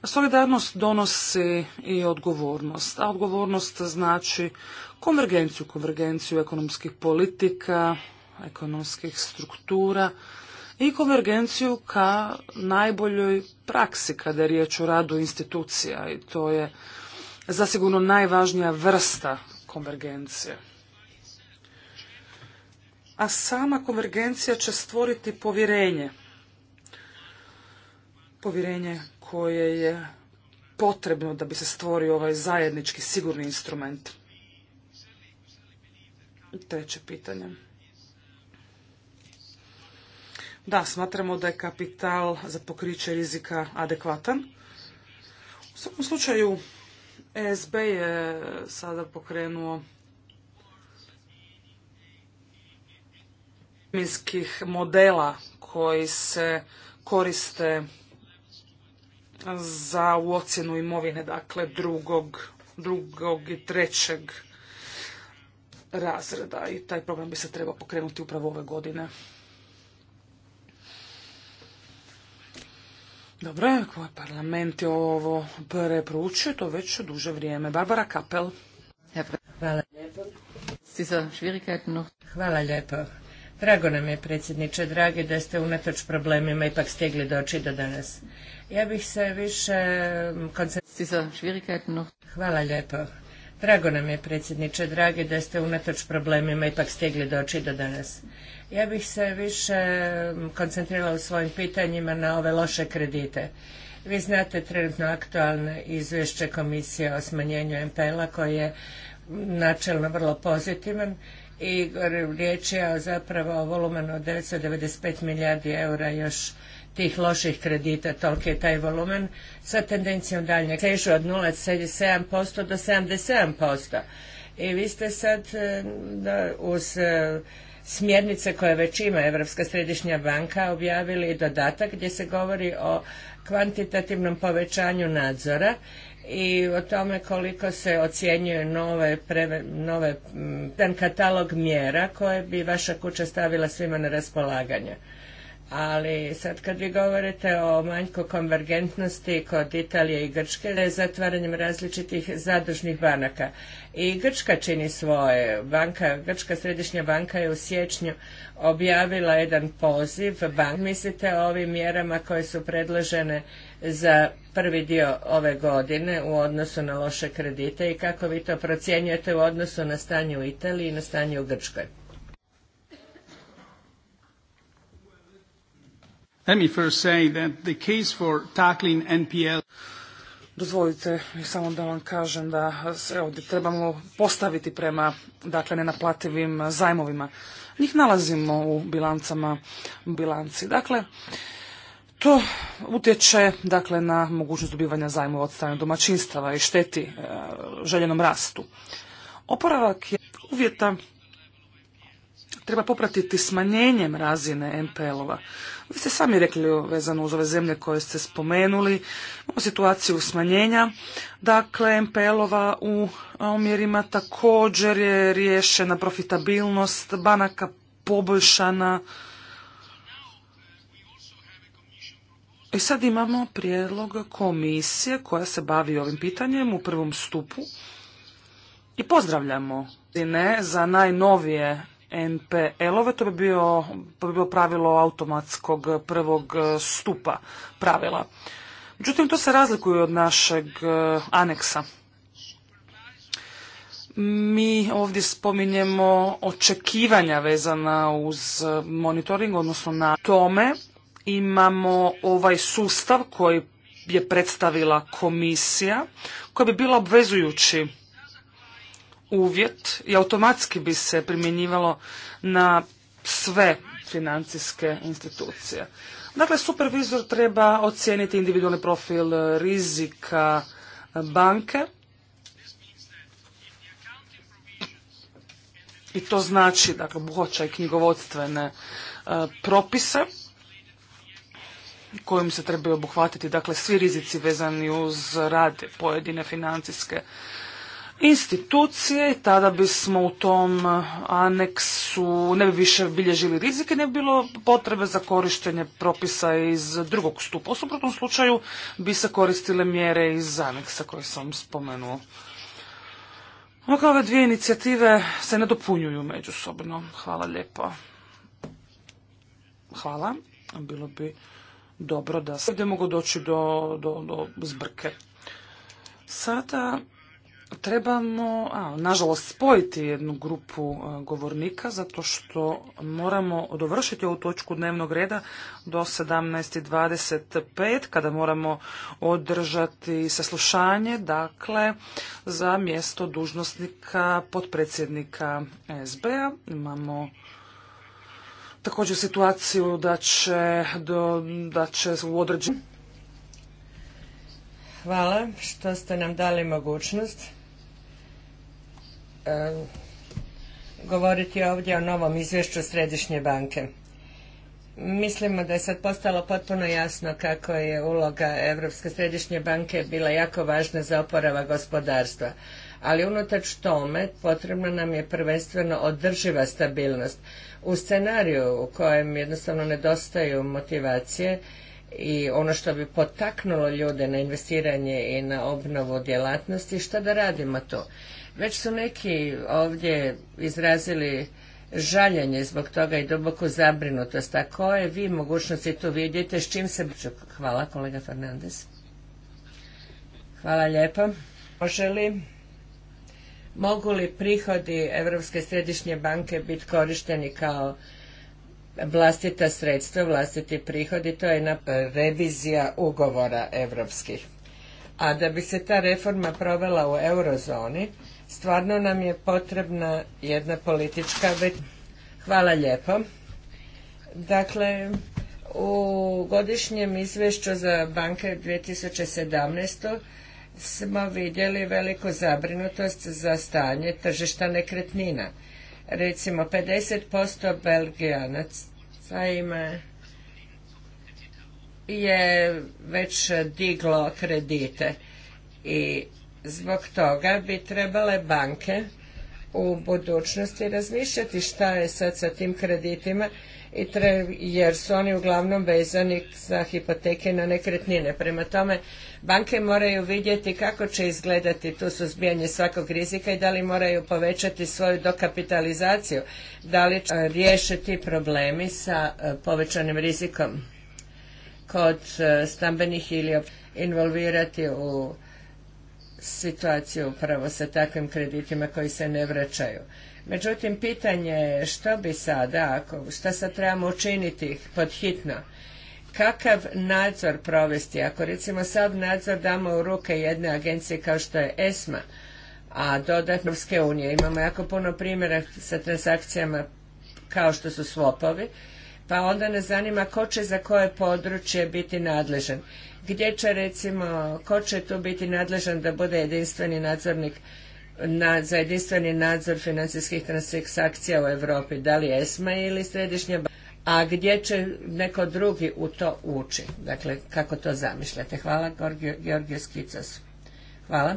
Solidarnost donosi i odgovornost, a odgovornost znači konvergenciju, konvergenciju ekonomskih politika, ekonomskih struktura i konvergenciju ka najboljoj praksi kada je riječ o radu institucija i to je zasigurno najvažnija vrsta konvergencije. A sama konvergencija će stvoriti povjerenje. Povjerenje koje je potrebno da bi se stvorio ovaj zajednički sigurni instrument. Treće pitanje. Da, smatramo da je kapital za pokriće rizika adekvatan. U svakom slučaju SB je sada pokrenuo minskih modela koji se koriste za u ocjenu imovine, dakle drugog, drugog i trećeg razreda i taj program bi se trebao pokrenuti upravo ove godine. Dobro, ako je parlament je ovo preproučio, to već duže vrijeme. Barbara Kapel. Hvala lijepo. Hvala Drago nam je, predsjedniče, dragi, da ste unatoč problemima ipak stigli doći do danas. Ja bih se više... Mm, Hvala lijepo. Drago nam je, predsjedniče dragi, da ste unatoč problemima ipak stigli doći do danas. Ja bih se više koncentrirala u svojim pitanjima na ove loše kredite. Vi znate trenutno aktualne izvješće komisije o smanjenju MPL-a koji je načelno vrlo pozitivan i riječ je o zapravo o volumenu od 995 milijardi eura još tih loših kredita, toliki je taj volumen, sa tendencijom daljnjeg težu od 0,7% do 77%. I vi ste sad e, da, uz e, smjernice koje već ima Europska središnja banka objavili i dodatak gdje se govori o kvantitativnom povećanju nadzora i o tome koliko se ocjenjuje nove, nove, ten katalog mjera koje bi vaša kuća stavila svima na raspolaganje. Ali sad kad vi govorite o manjku konvergentnosti kod Italije i Grčke, je zatvaranjem različitih zadužnih banaka. I Grčka čini svoje. Banka, Grčka središnja banka je u siječnju objavila jedan poziv. Bank, mislite o ovim mjerama koje su predložene za prvi dio ove godine u odnosu na loše kredite i kako vi to procjenjujete u odnosu na stanje u Italiji i na stanje u Grčkoj? Let me first say that the case for tackling NPL Dozvolite mi samo da vam kažem da se ovdje trebamo postaviti prema dakle, nenaplativim zajmovima. Njih nalazimo u bilancama, bilanci. Dakle, to utječe dakle, na mogućnost dobivanja zajmova od strane domaćinstava i šteti e, željenom rastu. Oporavak je uvjeta treba popratiti smanjenjem razine NPL-ova. Vi ste sami rekli vezano uz ove zemlje koje ste spomenuli, imamo situaciju smanjenja, dakle MPL-ova u omjerima također je riješena profitabilnost banaka poboljšana. I sad imamo prijedlog komisije koja se bavi ovim pitanjem u prvom stupu i pozdravljamo ne za najnovije NPL-ove, to bi bio, bi bilo pravilo automatskog prvog e, stupa pravila. Međutim, to se razlikuje od našeg e, aneksa. Mi ovdje spominjemo očekivanja vezana uz e, monitoring, odnosno na tome imamo ovaj sustav koji je predstavila komisija, koja bi bila obvezujući uvjet i automatski bi se primjenjivalo na sve financijske institucije. Dakle, supervizor treba ocijeniti individualni profil rizika banke i to znači, dakle, buhoća i knjigovodstvene e, propise kojim se trebaju obuhvatiti, dakle, svi rizici vezani uz rad pojedine financijske institucije tada bismo u tom eh, aneksu ne bi više bilježili rizike, ne bi bilo potrebe za korištenje propisa iz drugog stupa. U suprotnom slučaju bi se koristile mjere iz aneksa koje sam spomenuo. Ovako ove dvije inicijative se ne dopunjuju međusobno. Hvala lijepo. Hvala. Bilo bi dobro da se ovdje mogu doći do, do zbrke. Sada trebamo, a, nažalost, spojiti jednu grupu e, govornika zato što moramo dovršiti ovu točku dnevnog reda do 17.25 kada moramo održati saslušanje, dakle, za mjesto dužnosnika potpredsjednika SB-a. Imamo također situaciju da će, do, da će u određenju... Hvala što ste nam dali mogućnost govoriti ovdje o novom izvješću Središnje banke. Mislimo da je sad postalo potpuno jasno kako je uloga Europske središnje banke bila jako važna za oporava gospodarstva. Ali unatoč tome potrebna nam je prvenstveno održiva stabilnost. U scenariju u kojem jednostavno nedostaju motivacije i ono što bi potaknulo ljude na investiranje i na obnovu djelatnosti, što da radimo tu? Već su neki ovdje izrazili žaljenje zbog toga i duboku zabrinutost. A koje vi mogućnosti tu vidite, s čim se... Hvala kolega Fernandez. Hvala lijepo. Može mogu li prihodi Europske središnje banke biti korišteni kao vlastita sredstva, vlastiti prihodi, to je na revizija ugovora europskih. A da bi se ta reforma provela u eurozoni, Stvarno nam je potrebna jedna politička Hvala lijepo. Dakle, u godišnjem izvješću za banke 2017. smo vidjeli veliku zabrinutost za stanje tržišta nekretnina. Recimo, 50% Belgijanaca ima je već diglo kredite i Zbog toga bi trebale banke u budućnosti razmišljati šta je sad sa tim kreditima i jer su oni uglavnom vezani za hipoteke na nekretnine. Prema tome, banke moraju vidjeti kako će izgledati tu suzbijanje svakog rizika i da li moraju povećati svoju dokapitalizaciju, da li će riješiti problemi sa e, povećanim rizikom kod e, stambenih ili involvirati u situaciju upravo sa takvim kreditima koji se ne vraćaju. Međutim, pitanje je što bi sada, ako, šta sad trebamo učiniti pod hitno? Kakav nadzor provesti? Ako recimo sav nadzor damo u ruke jedne agencije kao što je ESMA, a dodatno Evropske unije, imamo jako puno primjera sa transakcijama kao što su swapovi pa onda nas zanima ko će za koje područje biti nadležan gdje će recimo, ko će tu biti nadležan da bude jedinstveni nadzornik na, za jedinstveni nadzor financijskih transakcija u Europi, da li ESMA ili Središnja banka, a gdje će neko drugi u to ući. Dakle, kako to zamišljate? Hvala, Georgiju Skicos. Hvala.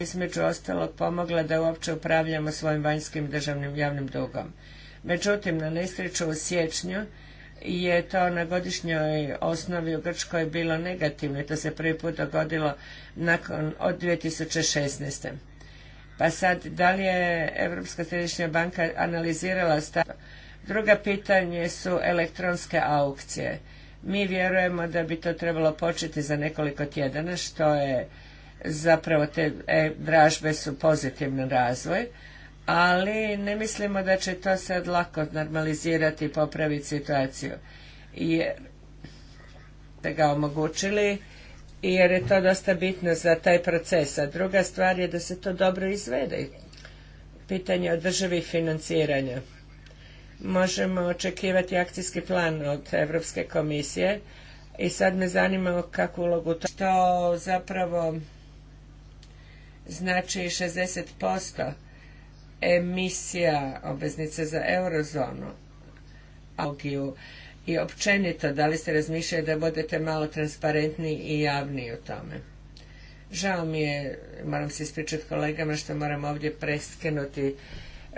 Između ostalog pomogla da uopće upravljamo svojim vanjskim državnim javnim dugom. Međutim, na nesreću u siječnju je to na godišnjoj osnovi u Grčkoj bilo negativno i to se prvi put dogodilo nakon, od 2016. Pa sad, da li je Europska središnja banka analizirala stav? Druga pitanje su elektronske aukcije. Mi vjerujemo da bi to trebalo početi za nekoliko tjedana, što je zapravo te e, dražbe su pozitivni razvoj, ali ne mislimo da će to sad lako normalizirati i popraviti situaciju. Jer da ga omogućili jer je to dosta bitno za taj proces. A druga stvar je da se to dobro izvede. Pitanje održivih financiranja. Možemo očekivati akcijski plan od Europske komisije i sad me zanima kakvu ulogu to što zapravo znači 60% emisija obveznice za eurozonu, i općenito, da li ste razmišljali da budete malo transparentniji i javni u tome? Žao mi je, moram se ispričati kolegama što moram ovdje preskinuti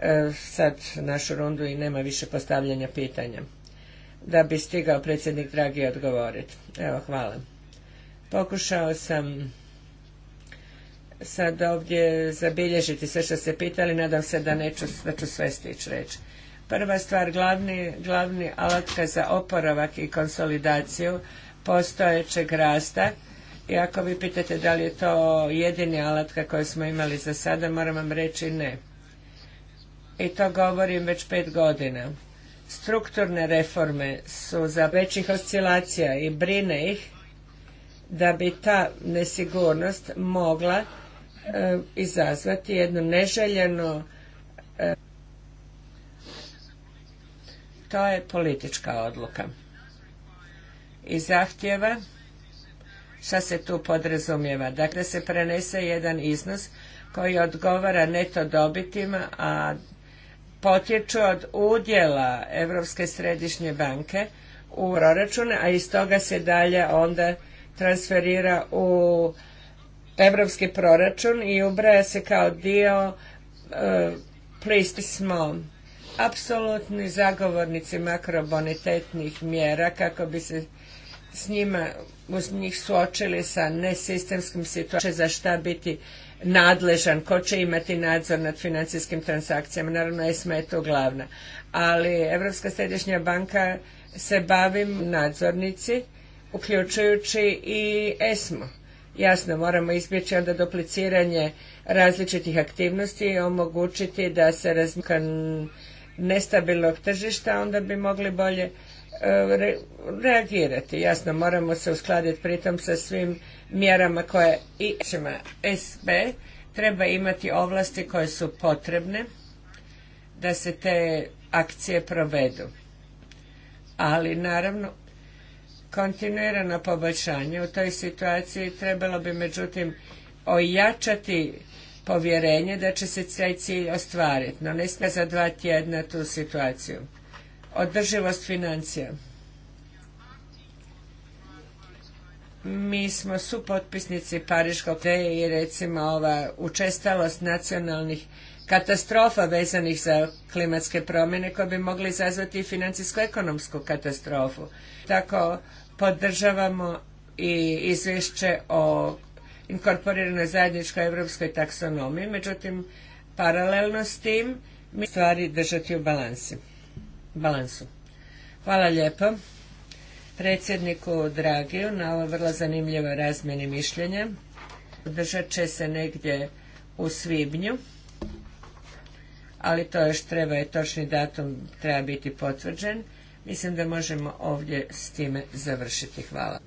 e, sad našu rundu i nema više postavljanja pitanja. Da bi stigao predsjednik Dragi odgovoriti. Evo, hvala. Pokušao sam sad ovdje zabilježiti sve što ste pitali, nadam se da, neću, da ću sve stići reći. Prva stvar, glavni, glavni alatka za oporavak i konsolidaciju postojećeg rasta i ako vi pitate da li je to jedini alatka koju smo imali za sada, moram vam reći ne. I to govorim već pet godina. Strukturne reforme su za većih oscilacija i brine ih da bi ta nesigurnost mogla E, izazvati jedno neželjeno e, to je politička odluka i zahtjeva šta se tu podrazumijeva dakle se prenese jedan iznos koji odgovara neto dobitima a potječu od udjela Europske središnje banke u proračune, a iz toga se dalje onda transferira u evropski proračun i ubraja se kao dio e, pristi smo apsolutni zagovornici makrobonitetnih mjera kako bi se s njima uz njih suočili sa nesistemskim situacijom, za šta biti nadležan, ko će imati nadzor nad financijskim transakcijama. Naravno, ESMA je to glavna. Ali Europska središnja banka se bavi nadzornici, uključujući i ESMO Jasno, moramo izbjeći onda dupliciranje različitih aktivnosti i omogućiti da se razmika nestabilnog tržišta, onda bi mogli bolje e, reagirati. Jasno, moramo se uskladiti pritom sa svim mjerama koje i SB treba imati ovlasti koje su potrebne da se te akcije provedu. Ali naravno kontinuirano poboljšanje. U toj situaciji trebalo bi međutim ojačati povjerenje da će se taj cilj ostvariti. No ne smije za dva tjedna tu situaciju. Održivost financija. Mi smo supotpisnici Pariškog te i recimo ova učestalost nacionalnih katastrofa vezanih za klimatske promjene koje bi mogli izazvati i financijsko-ekonomsku katastrofu. Tako podržavamo i izvješće o inkorporiranoj zajedničkoj europskoj taksonomiji, međutim paralelno s tim mi stvari držati u balansi. balansu. Hvala lijepo predsjedniku Dragiju na ovoj vrlo zanimljivoj razmjeni mišljenja. Držat će se negdje u svibnju, ali to još treba je točni datum, treba biti potvrđen. Mislim da možemo ovdje s time završiti. Hvala.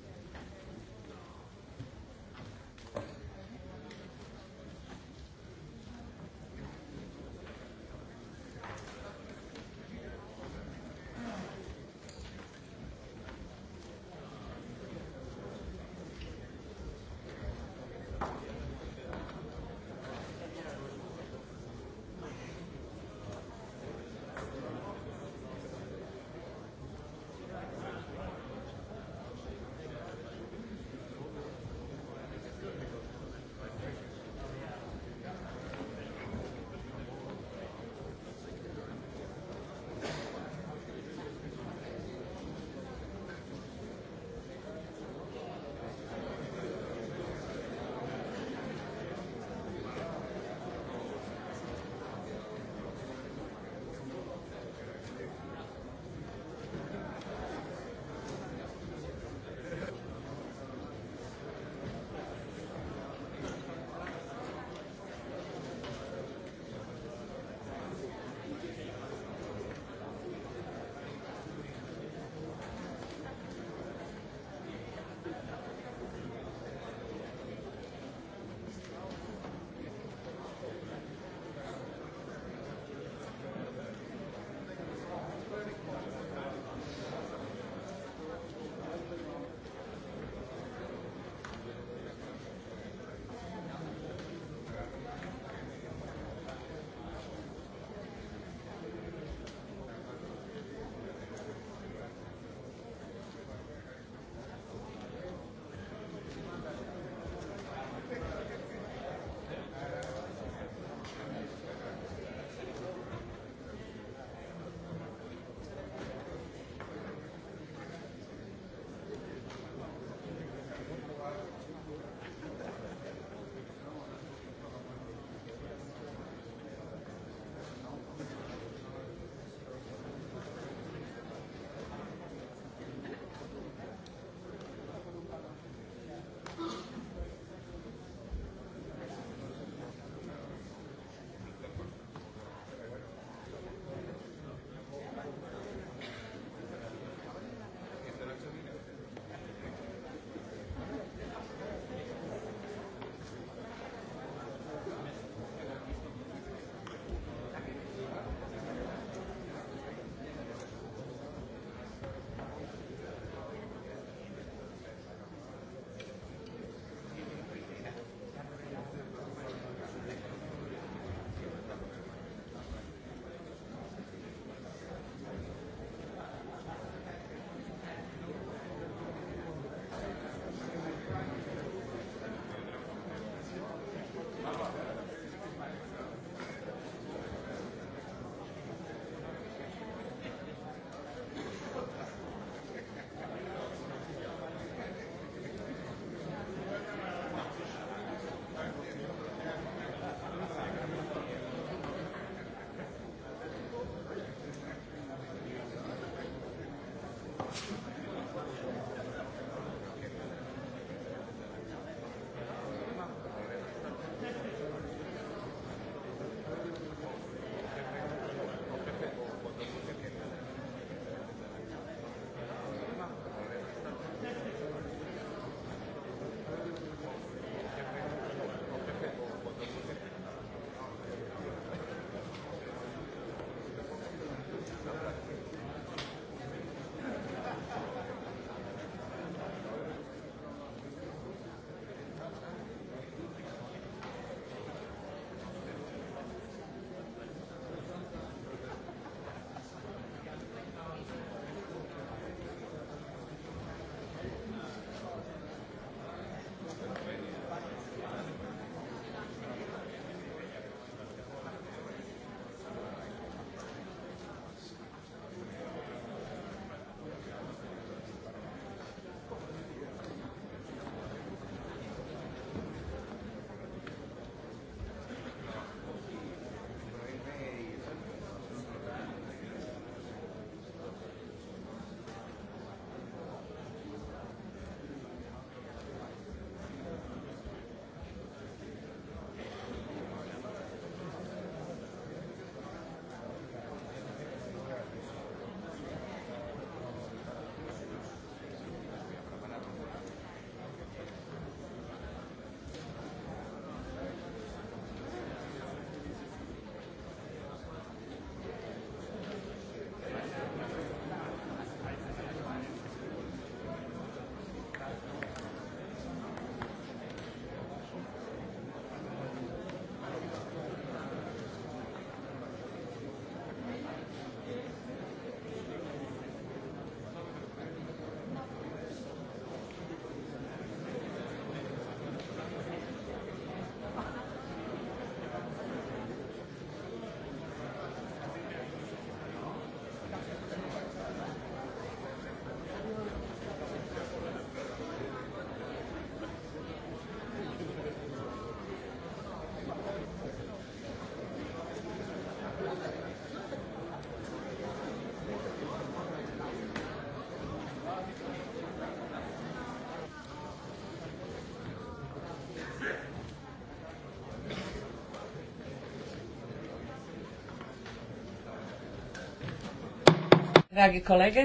Dragi kolege,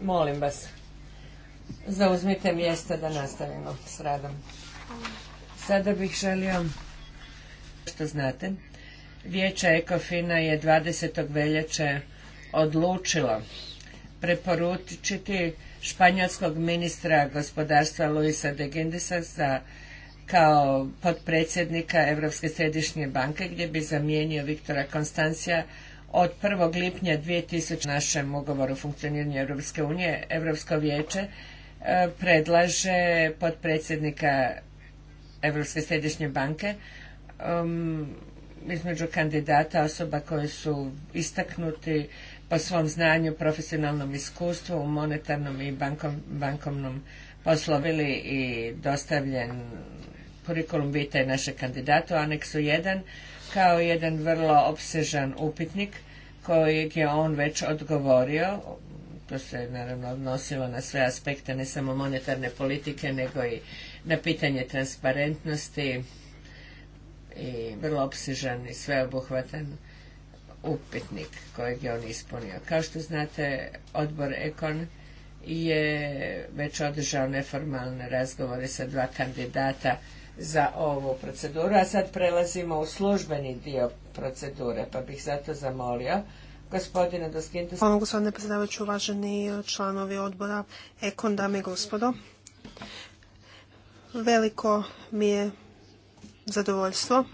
molim vas, zauzmite mjesto da nastavimo s radom. Sada bih želio, što znate, Vijeća Ekofina je 20. veljače odlučilo preporučiti španjolskog ministra gospodarstva Luisa de za kao potpredsjednika Europske središnje banke gdje bi zamijenio Viktora Konstancija od 1. lipnja 2000 našem ugovoru o funkcioniranju Europske unije, Europsko vijeće e, predlaže potpredsjednika Europske središnje banke um, između kandidata osoba koje su istaknuti po svom znanju, profesionalnom iskustvu u monetarnom i bankovnom poslovili i dostavljen kurikulum vitae našeg kandidata u aneksu 1 kao jedan vrlo opsežan upitnik kojeg je on već odgovorio. To se naravno odnosilo na sve aspekte, ne samo monetarne politike, nego i na pitanje transparentnosti i vrlo opsežan i sveobuhvatan upitnik kojeg je on ispunio. Kao što znate, odbor Ekon je već održao neformalne razgovore sa dva kandidata za ovu proceduru, a sad prelazimo u službeni dio procedure, pa bih zato zamolio gospodina Hvala gospodine predsjedavajući, uvaženi članovi odbora Ekon, dame i gospodo. Veliko mi je zadovoljstvo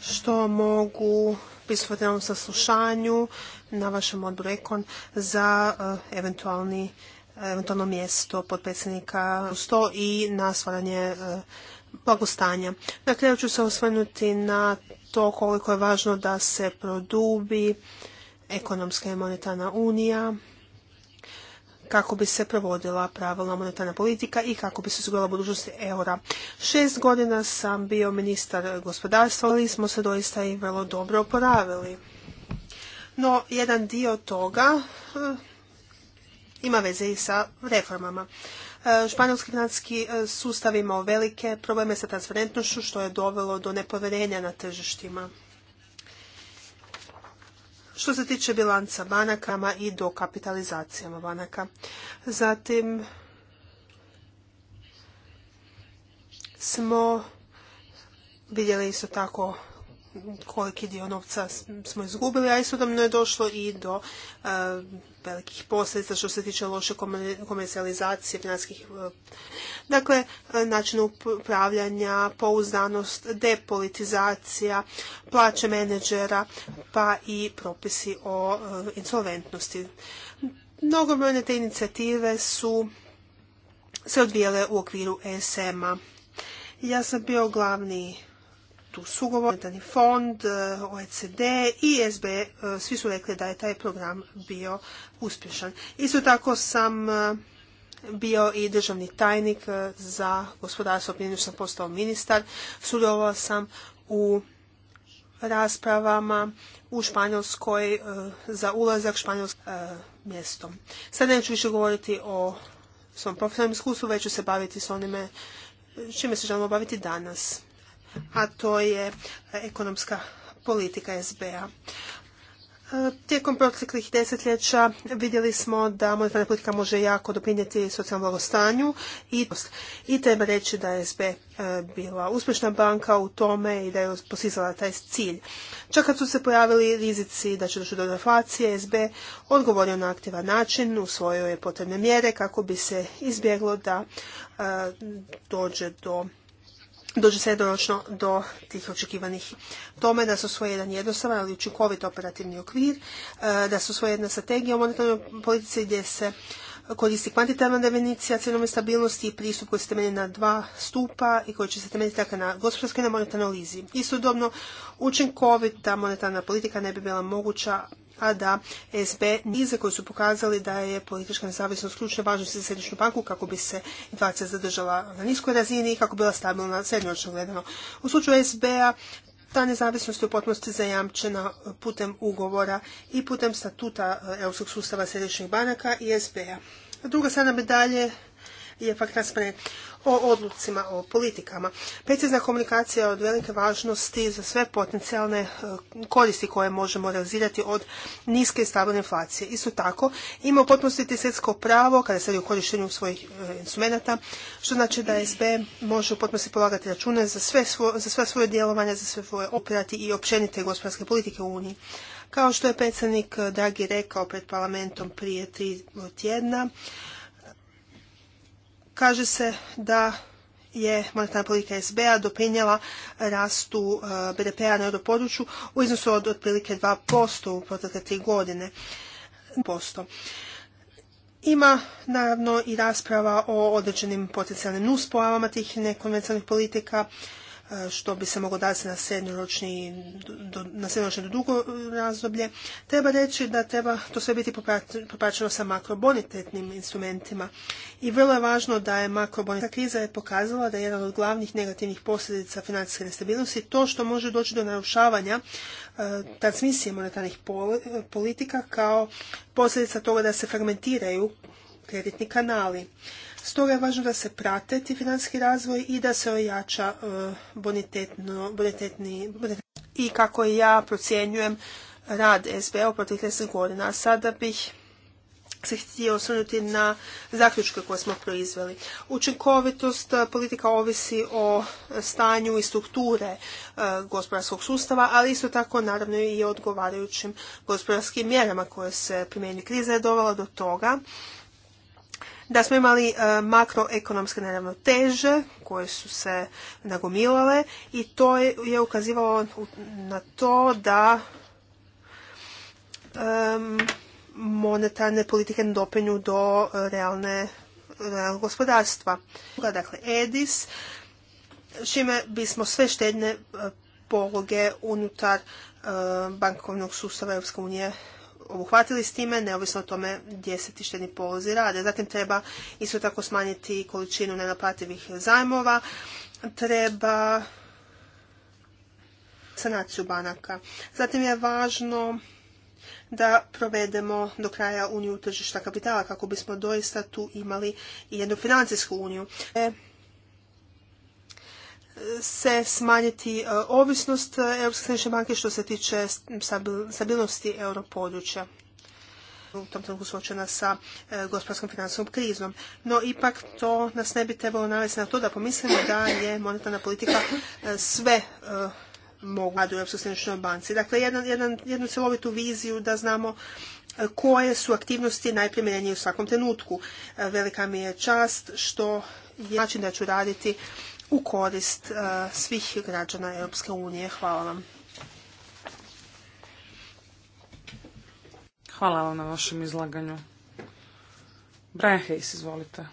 što mogu prisutiti na ovom saslušanju na vašem odboru Ekon za eh, eventualni eventualno mjesto potpredsjednika sto i na stvaranje eh, blagostanja. Na kraju ću se osvrnuti na to koliko je važno da se produbi ekonomska i monetarna unija kako bi se provodila pravilna monetarna politika i kako bi se izgledala budućnost eura. Šest godina sam bio ministar gospodarstva, ali smo se doista i vrlo dobro oporavili. No, jedan dio toga eh, ima veze i sa reformama. E, španjolski financijski e, sustav imao velike probleme sa transparentnošću što je dovelo do nepovjerenja na tržištima. Što se tiče bilanca banakama i do kapitalizacijama banaka. Zatim smo vidjeli isto tako koliki dio novca smo izgubili, a istodobno je došlo i do e, velikih posljedica što se tiče loše komercijalizacije finanskih. E, dakle, e, način upravljanja, pouzdanost, depolitizacija, plaće menadžera, pa i propisi o e, insolventnosti. Mnogobrojne te inicijative su se odvijele u okviru ESM-a. Ja sam bio glavni tu sugovor, fond, e, OECD i SB, e, svi su rekli da je taj program bio uspješan. Isto tako sam e, bio i državni tajnik za gospodarstvo, prije sam postao ministar, sudjelovao sam u raspravama u Španjolskoj za ulazak španjolskom mjestom. Sada neću više govoriti o svom profesionalnom iskustvu, već ću se baviti s onime čime se želimo baviti danas a to je ekonomska politika SBA. Tijekom proteklih desetljeća vidjeli smo da monetarna politika može jako doprinijeti socijalnom blagostanju i, i treba reći da je SB e, bila uspješna banka u tome i da je posizala taj cilj. Čak kad su se pojavili rizici da će doći do deflacije, SB odgovorio na aktivan način, usvojio je potrebne mjere kako bi se izbjeglo da e, dođe do dođe jednoročno do tih očekivanih tome da su svoje jedan jednostavan, ali učinkovit operativni okvir, e, da su svoje jedna strategija u monetarnoj politici gdje se koristi kvantitativna definicija cjenovne stabilnosti i pristup koji se temelji na dva stupa i koji će se temeljiti tako dakle, na gospodarskoj i na monetarnoj lizi. Istodobno, učinkovita monetarna politika ne bi bila moguća a da SB nize koji su pokazali da je politička nezavisnost ključne važnost za središnju banku kako bi se inflacija zadržala na niskoj razini i kako bila stabilna srednjoročno gledano. U slučaju SB-a p-a, ta nezavisnost je u potpunosti zajamčena putem ugovora i putem statuta eh, Europskog sustava središnjih banaka i SB-a. P-a. Druga strana medalje je pak transparent o odlucima, o politikama. Precizna komunikacija je od velike važnosti za sve potencijalne e, koristi koje možemo realizirati od niske i stabilne inflacije. Isto tako, ima u potpunosti svjetsko pravo kada se radi o korištenju svojih e, instrumenta, što znači da SB može u potpunosti polagati račune za sve, za svoje djelovanje, za sve svoje operati i općenite gospodarske politike u Uniji. Kao što je predsjednik Dragi rekao pred parlamentom prije tri tjedna, Kaže se da je monetarna politika SBA doprinjela rastu e, BDP-a na području u iznosu od otprilike 2% u protekle tri godine. Ima naravno i rasprava o određenim potencijalnim nuspojavama tih nekonvencionalnih politika, što bi se moglo dati na srednjoročni, na srednjoročno dugo razdoblje. Treba reći da treba to sve biti popraćeno sa makrobonitetnim instrumentima. I vrlo je važno da je makrobonitetna kriza je pokazala da je jedan od glavnih negativnih posljedica financijske nestabilnosti to što može doći do narušavanja e, transmisije monetarnih politika kao posljedica toga da se fragmentiraju kreditni kanali. Stoga je važno da se prate ti financijski razvoj i da se ojača e, bonitetno, bonitetni, i kako ja procjenjujem rad SBA u proteklih 30 godina. A sada bih se htio osvrnuti na zaključke koje smo proizveli. Učinkovitost e, politika ovisi o stanju i strukture e, gospodarskog sustava, ali isto tako naravno i o odgovarajućim gospodarskim mjerama koje se primjeni Kriza je dovela do toga da smo imali e, makroekonomske neravnoteže koje su se nagomilale i to je ukazivalo na to da monetarne politike ne dopenju do realne, gospodarstva. Dakle, EDIS, čime bismo sve štedne e, pologe unutar e, bankovnog sustava Europske unije obuhvatili s time, neovisno o tome gdje se ti štedni polozi rade. Zatim treba isto tako smanjiti količinu nenaplativih zajmova, treba sanaciju banaka. Zatim je važno da provedemo do kraja uniju tržišta kapitala kako bismo doista tu imali jednu financijsku uniju. E, se smanjiti e, ovisnost e, Europske središnje banke što se tiče stabilnosti europodručja u tom trenutku suočena sa e, gospodarskom financijskom krizom. No ipak to nas ne bi trebalo navesti na to da pomislimo da je monetarna politika sve mogu u Europskoj središnjoj banci. Dakle, jednu celovitu viziju da znamo koje su aktivnosti najprimjerenije u svakom trenutku. Velika mi je čast što je način da ću raditi u korist e, svih građana Europske unije. Hvala vam. Hvala vam na vašem izlaganju. Brian Hayes, izvolite.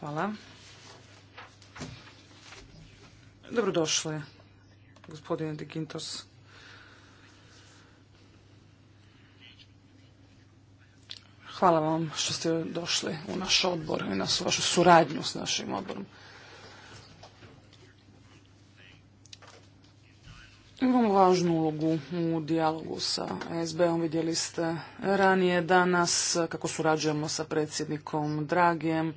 Hvala. Dobrodošli, gospodine De Gintos. Hvala vam što ste došli u naš odbor i na vašu suradnju s našim odborom. Imamo važnu ulogu u dijalogu sa SB-om. Vidjeli ste ranije danas kako surađujemo sa predsjednikom Dragijem.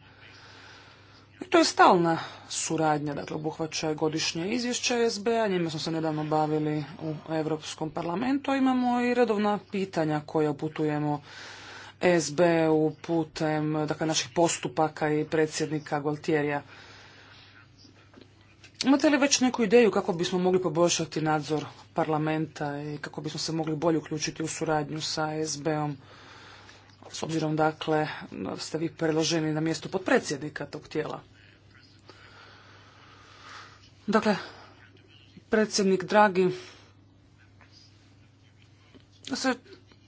I to je stalna suradnja, dakle obuhvaća godišnje izvješće SB-a, njime smo se nedavno bavili u Europskom parlamentu, imamo i redovna pitanja koja putujemo SB-u putem dakle, naših postupaka i predsjednika Gualtierija. Imate li već neku ideju kako bismo mogli poboljšati nadzor parlamenta i kako bismo se mogli bolje uključiti u suradnju sa SB-om? S obzirom dakle ste vi predloženi na mjesto potpredsjednika tog tijela. Dakle, predsjednik Dragi se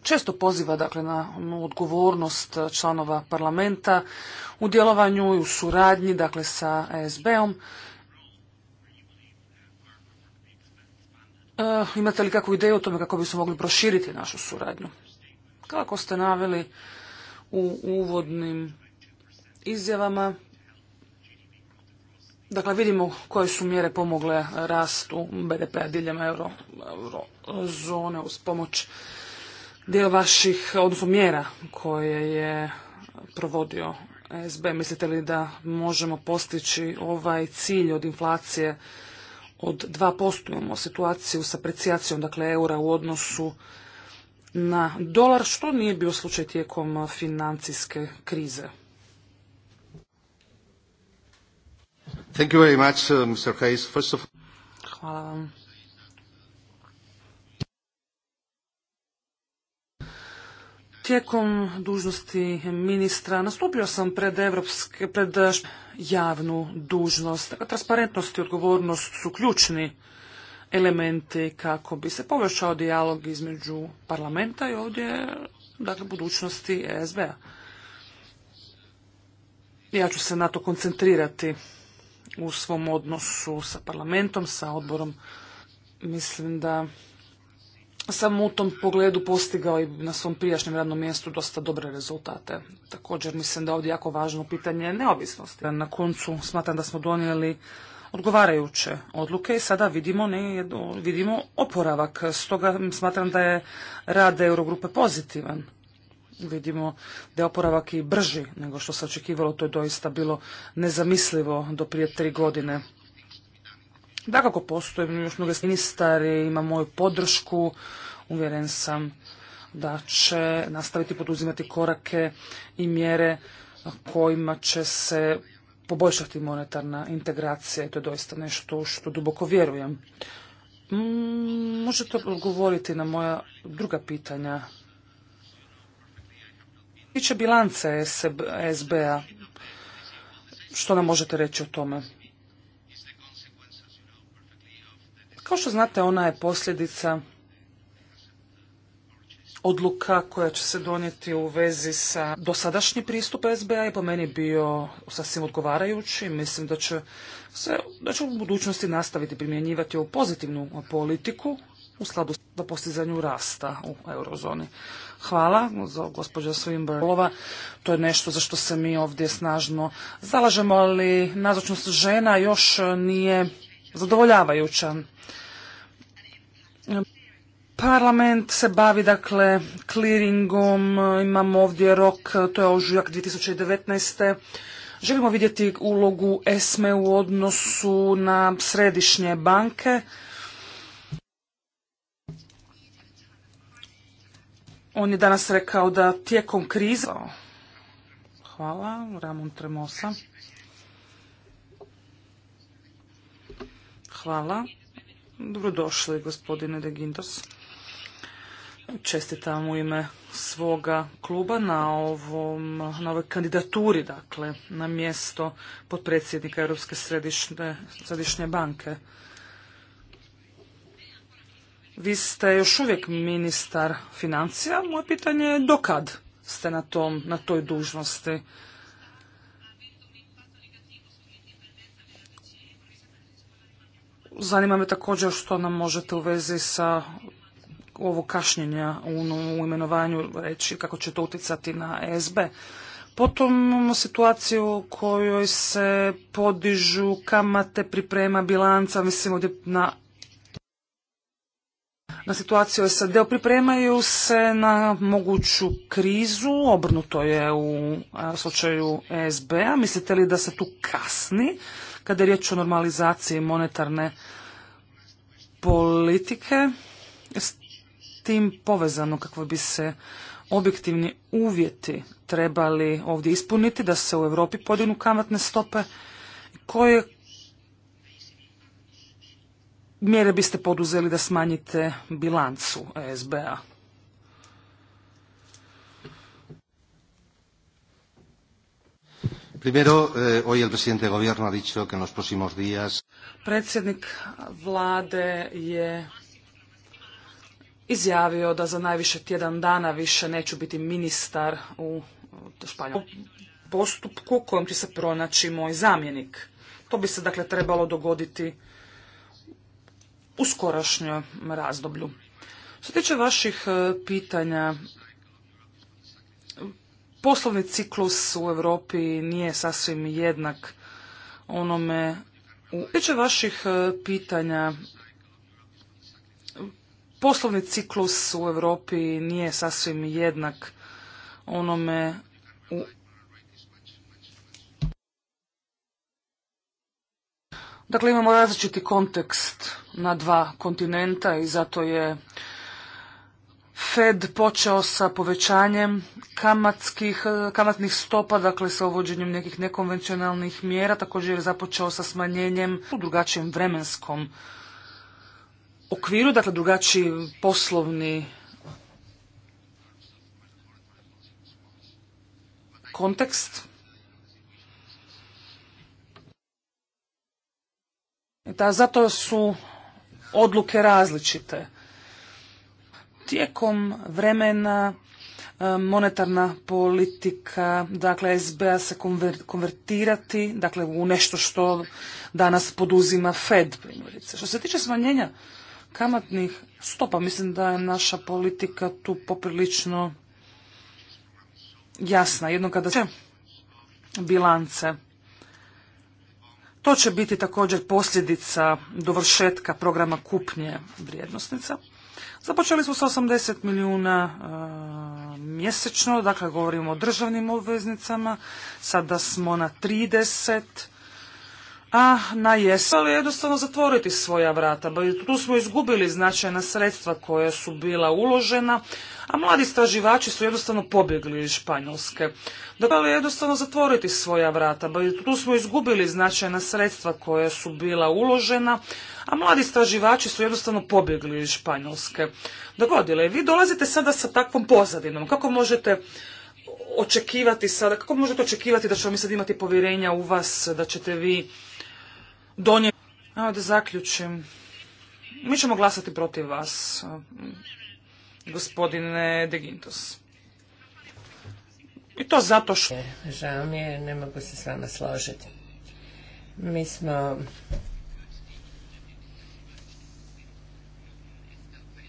često poziva dakle, na odgovornost članova parlamenta u djelovanju i u suradnji dakle, sa ESB-om. E, imate li kakvu ideju o tome kako bismo mogli proširiti našu suradnju? Kako ste naveli u uvodnim izjavama, Dakle, vidimo koje su mjere pomogle rastu BDP-a diljem eurozone euro uz pomoć dio vaših, odnosno mjera koje je provodio SB. Mislite li da možemo postići ovaj cilj od inflacije od 2%? Imamo situaciju sa aprecijacijom, dakle, eura u odnosu na dolar, što nije bio slučaj tijekom financijske krize. Uh, Hvala vam. Tijekom dužnosti ministra nastupio sam pred, evropske, pred eh, javnu dužnost. Dakle, transparentnost i odgovornost su ključni elementi kako bi se poboljšao dijalog između parlamenta i ovdje dakle, budućnosti ESB-a. Ja ću se na to koncentrirati u svom odnosu sa parlamentom, sa odborom. Mislim da sam u tom pogledu postigao i na svom prijašnjem radnom mjestu dosta dobre rezultate. Također mislim da ovdje jako važno pitanje neovisnosti. Na koncu smatram da smo donijeli odgovarajuće odluke i sada vidimo, ne, vidimo oporavak. Stoga smatram da je rad Eurogrupe pozitivan. Vidimo da je oporavak i brži nego što se očekivalo. To je doista bilo nezamislivo do prije tri godine. Da kako postoje još mnogo ministar ima moju podršku, uvjeren sam da će nastaviti poduzimati korake i mjere kojima će se poboljšati monetarna integracija i to je doista nešto što duboko vjerujem. Mm, možete odgovoriti na moja druga pitanja. Tiče bilance SBA, što nam možete reći o tome? Kao što znate, ona je posljedica odluka koja će se donijeti u vezi sa dosadašnji pristup SBA i po meni bio sasvim odgovarajući. Mislim da će se da će u budućnosti nastaviti primjenjivati ovu pozitivnu politiku u skladu sa postizanju rasta u eurozoni. Hvala, gospođa Swinburne. To je nešto za što se mi ovdje snažno zalažemo, ali nazočnost žena još nije zadovoljavajuća. Parlament se bavi dakle clearingom, imamo ovdje rok, to je ožujak 2019. Želimo vidjeti ulogu ESME u odnosu na središnje banke. On je danas rekao da tijekom krize... Hvala, Ramon Tremosa. Hvala. Dobrodošli, gospodine De Gindos. Čestitam u ime svoga kluba na, ovom, na ovoj kandidaturi, dakle, na mjesto potpredsjednika Europske središnje, središnje banke. Vi ste još uvijek ministar financija. Moje pitanje je dokad ste na, tom, na toj dužnosti? Zanima me također što nam možete u vezi sa ovo kašnjenja u imenovanju reći kako će to utjecati na e SB. Potom imamo situaciju u kojoj se podižu kamate, priprema bilanca, mislim ovdje na na situaciju SAD-u pripremaju se na moguću krizu, obrnuto je u slučaju e SB-a. Mislite li da se tu kasni? kada je riječ o normalizaciji monetarne politike, s tim povezano kako bi se objektivni uvjeti trebali ovdje ispuniti da se u Europi podignu kamatne stope koje mjere biste poduzeli da smanjite bilancu e SBA? Primero, hoy Predsjednik vlade je izjavio da za najviše tjedan dana više neću biti ministar u španjolskom postupku kojim će se pronaći moj zamjenik. To bi se dakle trebalo dogoditi u skorašnjem razdoblju. Što tiče vaših eh, pitanja poslovni ciklus u Europi nije sasvim jednak onome u tiče vaših e, pitanja poslovni ciklus u Europi nije sasvim jednak onome u Dakle, imamo različiti kontekst na dva kontinenta i zato je Fed počeo sa povećanjem e, kamatnih stopa, dakle sa uvođenjem nekih nekonvencionalnih mjera, također je započeo sa smanjenjem u drugačijem vremenskom okviru, dakle drugačiji poslovni kontekst. E, zato su odluke različite tijekom vremena e, monetarna politika, dakle SBA se konvertirati, dakle u nešto što danas poduzima Fed primjerice. Što se tiče smanjenja kamatnih stopa, mislim da je naša politika tu poprilično jasna. Jedno kada će bilance, to će biti također posljedica dovršetka programa kupnje vrijednosnica. Započeli smo sa 80 milijuna e, mjesečno, dakle govorimo o državnim obveznicama, sada smo na 30, a na jesu je jednostavno zatvoriti svoja vrata. Pa tu smo izgubili značajna sredstva koja su bila uložena, a mladi istraživači su jednostavno pobjegli iz Španjolske. Dobali jednostavno zatvoriti svoja vrata, pa tu smo izgubili značajna sredstva koja su bila uložena, a mladi straživači su jednostavno pobjegli iz Španjolske. Dogodile, vi dolazite sada sa takvom pozadinom, kako možete očekivati sada, kako možete očekivati da ćemo mi sad imati povjerenja u vas, da ćete vi donijeti... Evo da zaključim. Mi ćemo glasati protiv vas gospodine De Gintos. I to zato što... E, žao mi je, ne mogu se s vama složiti. Mi smo...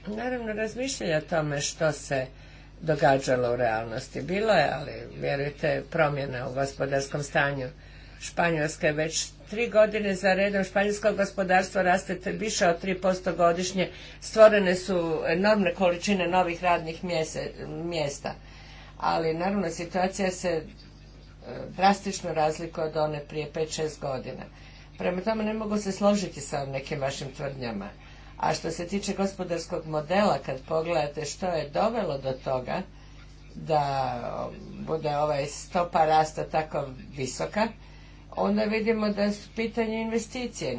Naravno, razmišljali o tome što se događalo u realnosti. Bilo je, ali vjerujte, promjena u gospodarskom stanju Španjolske već tri godine za redom španjolsko gospodarstvo raste više od 3% godišnje, stvorene su enormne količine novih radnih mjesta. Ali naravno situacija se e, drastično razlikuje od one prije 5-6 godina. Prema tome ne mogu se složiti sa nekim vašim tvrdnjama. A što se tiče gospodarskog modela, kad pogledate što je dovelo do toga da bude ovaj stopa rasta tako visoka, onda vidimo da su pitanje investicije.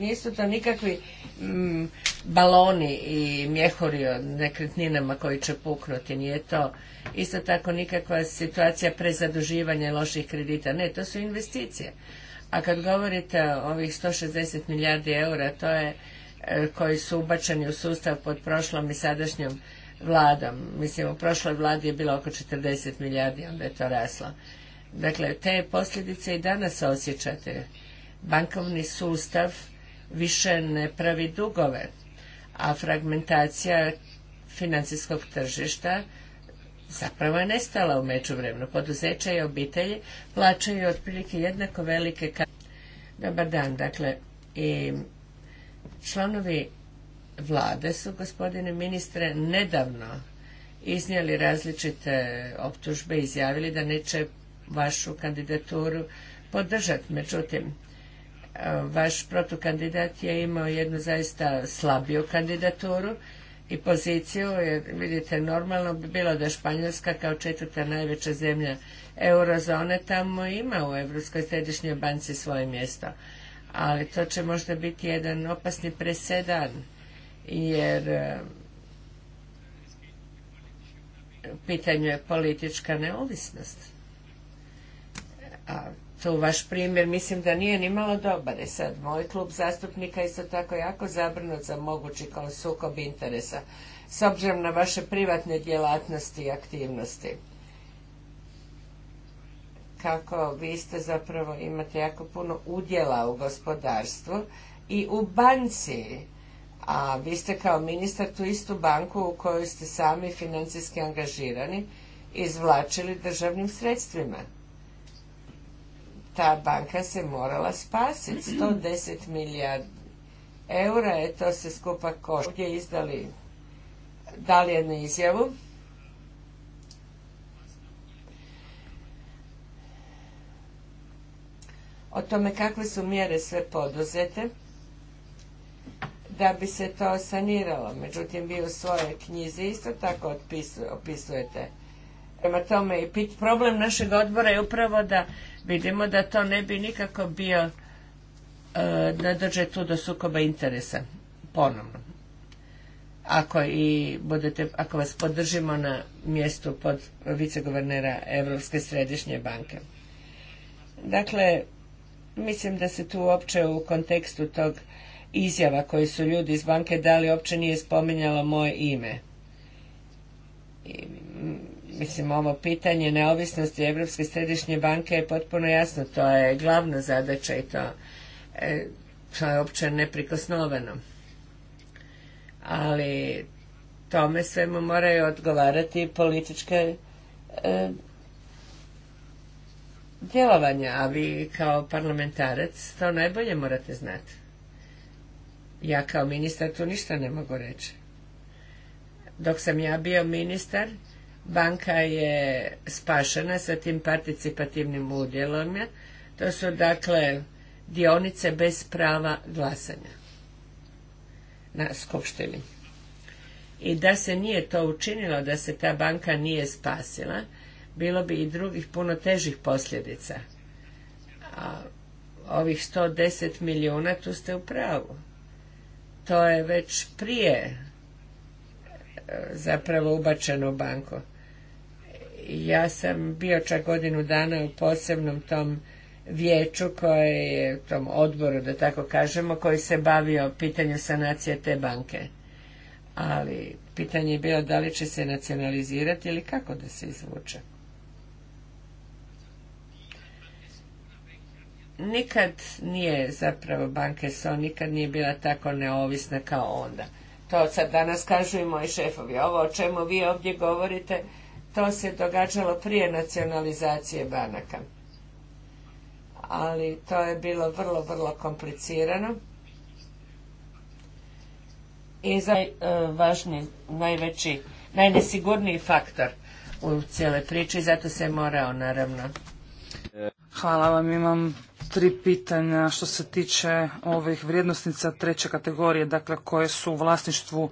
Nisu, to nikakvi mm, baloni i mjehuri od nekretninama koji će puknuti. Nije to isto tako nikakva situacija prezaduživanja loših kredita. Ne, to su investicije. A kad govorite o ovih 160 milijardi eura, to je e, koji su ubačeni u sustav pod prošlom i sadašnjom vladom. Mislim, u prošloj vladi je bilo oko 40 milijardi, onda je to raslo. Dakle, te posljedice i danas osjećate. Bankovni sustav više ne pravi dugove, a fragmentacija financijskog tržišta zapravo je nestala u međuvremenu. Poduzeća i obitelji plaćaju otprilike jednako velike kamate. Dobar dan, dakle, i članovi vlade su, gospodine ministre, nedavno iznijeli različite optužbe, i izjavili da neće vašu kandidaturu podržati. Međutim, e, vaš protukandidat je imao jednu zaista slabiju kandidaturu i poziciju, jer vidite, normalno bi bilo da Španjolska kao četvrta najveća zemlja eurozone tamo ima u Europskoj središnjoj banci svoje mjesto. Ali to će možda biti jedan opasni presedan, jer e, u pitanju je politička neovisnost. A to vaš primjer mislim da nije ni malo dobar. I e sad, moj klub zastupnika isto tako jako zabrinut za mogući kao sukob interesa s obzirom na vaše privatne djelatnosti i aktivnosti. Kako vi ste zapravo, imate jako puno udjela u gospodarstvu i u banci. A vi ste kao ministar tu istu banku u kojoj ste sami financijski angažirani izvlačili državnim sredstvima ta banka se morala spasiti. 110 milijardi eura je to se skupa košta. Ovdje izdali, dali jednu izjavu. O tome kakve su mjere sve poduzete da bi se to saniralo. Međutim, vi u svojoj knjizi isto tako opisujete Prema tome, problem našeg odbora je upravo da vidimo da to ne bi nikako bio e, da dođe tu do sukoba interesa ponovno. Ako i budete, ako vas podržimo na mjestu pod viceguvernera Europske središnje banke. Dakle, mislim da se tu uopće u kontekstu tog izjava koje su ljudi iz banke dali uopće nije spominjalo moje ime mislim ovo pitanje neovisnosti Europske središnje banke je potpuno jasno, to je glavna zadaća i to, e, je uopće neprikosnoveno. Ali tome svemu moraju odgovarati političke e, djelovanja, a vi kao parlamentarac to najbolje morate znati. Ja kao ministar tu ništa ne mogu reći. Dok sam ja bio ministar, banka je spašena sa tim participativnim udjelom. To su dakle dionice bez prava glasanja na skupštini. I da se nije to učinilo, da se ta banka nije spasila, bilo bi i drugih puno težih posljedica. A ovih 110 milijuna, tu ste u pravu. To je već prije e, zapravo ubačeno u banku ja sam bio čak godinu dana u posebnom tom vijeću koje je, tom odboru da tako kažemo, koji se bavio pitanjem sanacije te banke. Ali pitanje je bilo da li će se nacionalizirati ili kako da se izvuče. Nikad nije zapravo banke SO, nikad nije bila tako neovisna kao onda. To sad danas kažu i moji šefovi. Ovo o čemu vi ovdje govorite, to se događalo prije nacionalizacije banaka. Ali to je bilo vrlo, vrlo komplicirano. I za najvažniji, najveći, najnesigurniji faktor u cijele priči i zato se je morao naravno. Hvala vam, imam tri pitanja što se tiče ovih vrijednosnica treće kategorije, dakle koje su u vlasništvu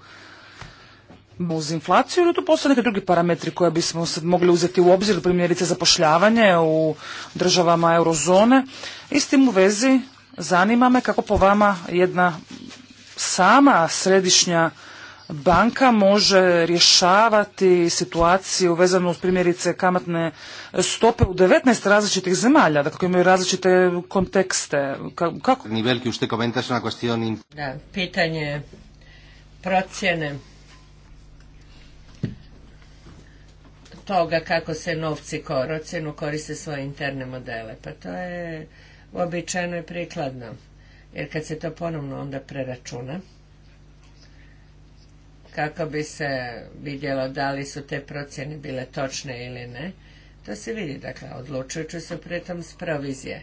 uz inflaciju ili tu postoje neki drugi parametri koje bismo sad mogli uzeti u obzir, primjerice zapošljavanje u državama eurozone. I s tim u vezi zanima me kako po vama jedna sama središnja banka može rješavati situaciju vezanu uz primjerice kamatne stope u 19 različitih zemalja, dakle imaju različite kontekste. Kako? ni veliki Da, pitanje procjene toga kako se novci korocenu koriste svoje interne modele. Pa to je uobičajeno i prikladno. Jer kad se to ponovno onda preračuna, kako bi se vidjelo da li su te procjene bile točne ili ne, to se vidi, dakle, odlučujući su pritom s provizije.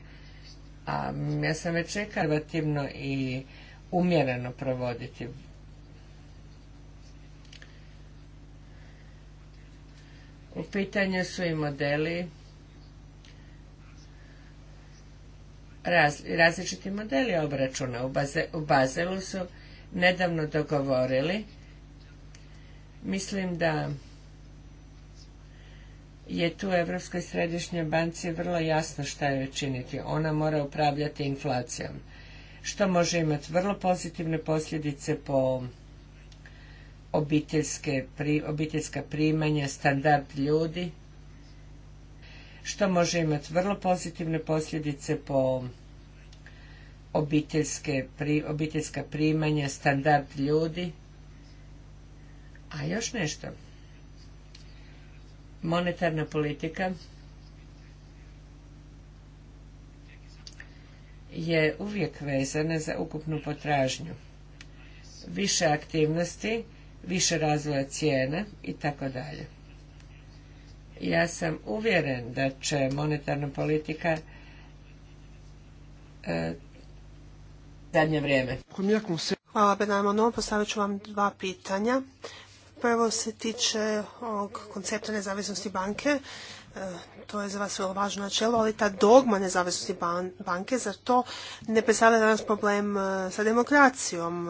A ja sam već relativno i umjereno provoditi U pitanju su i modeli, različiti modeli obračuna. U, Bazelu su nedavno dogovorili. Mislim da je tu Evropskoj središnjoj banci vrlo jasno šta je činiti. Ona mora upravljati inflacijom, što može imati vrlo pozitivne posljedice po obiteljska primanja, standard ljudi, što može imati vrlo pozitivne posljedice po obiteljske, obiteljska primanja, standard ljudi. A još nešto. Monetarna politika je uvijek vezana za ukupnu potražnju. Više aktivnosti više razvoja cijene i tako dalje. Ja sam uvjeren da će monetarna politika e, vrijeme. Hvala Benajmo, no postavit ću vam dva pitanja. Prvo se tiče ovog koncepta nezavisnosti banke. E, to je za vas vrlo važno načelo, ali ta dogma nezavisnosti banke, zar to ne predstavlja danas problem e, sa demokracijom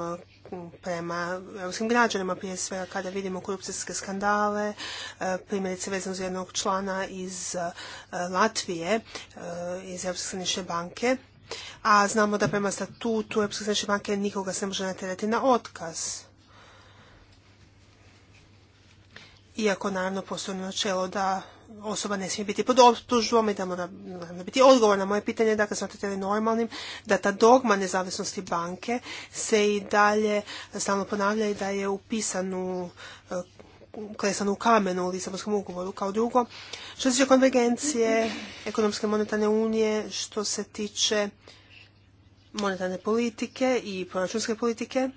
prema europskim građanima, prije svega kada vidimo korupcijske skandale, e, primjerice vezano za jednog člana iz e, Latvije, e, iz Europske banke, a znamo da prema statutu Europske središnje banke nikoga se ne može natjerati na otkaz. Iako naravno postoji načelo da osoba ne smije biti pod optužbom i da mora biti odgovor na moje pitanje, dakle smatrate li normalnim da ta dogma nezavisnosti banke se i dalje stalno ponavlja i da je upisan u e, klesan u kamenu u Lisabonskom ugovoru kao drugo. Što se tiče konvergencije, ekonomske monetarne unije, što se tiče monetarne politike i proračunske politike,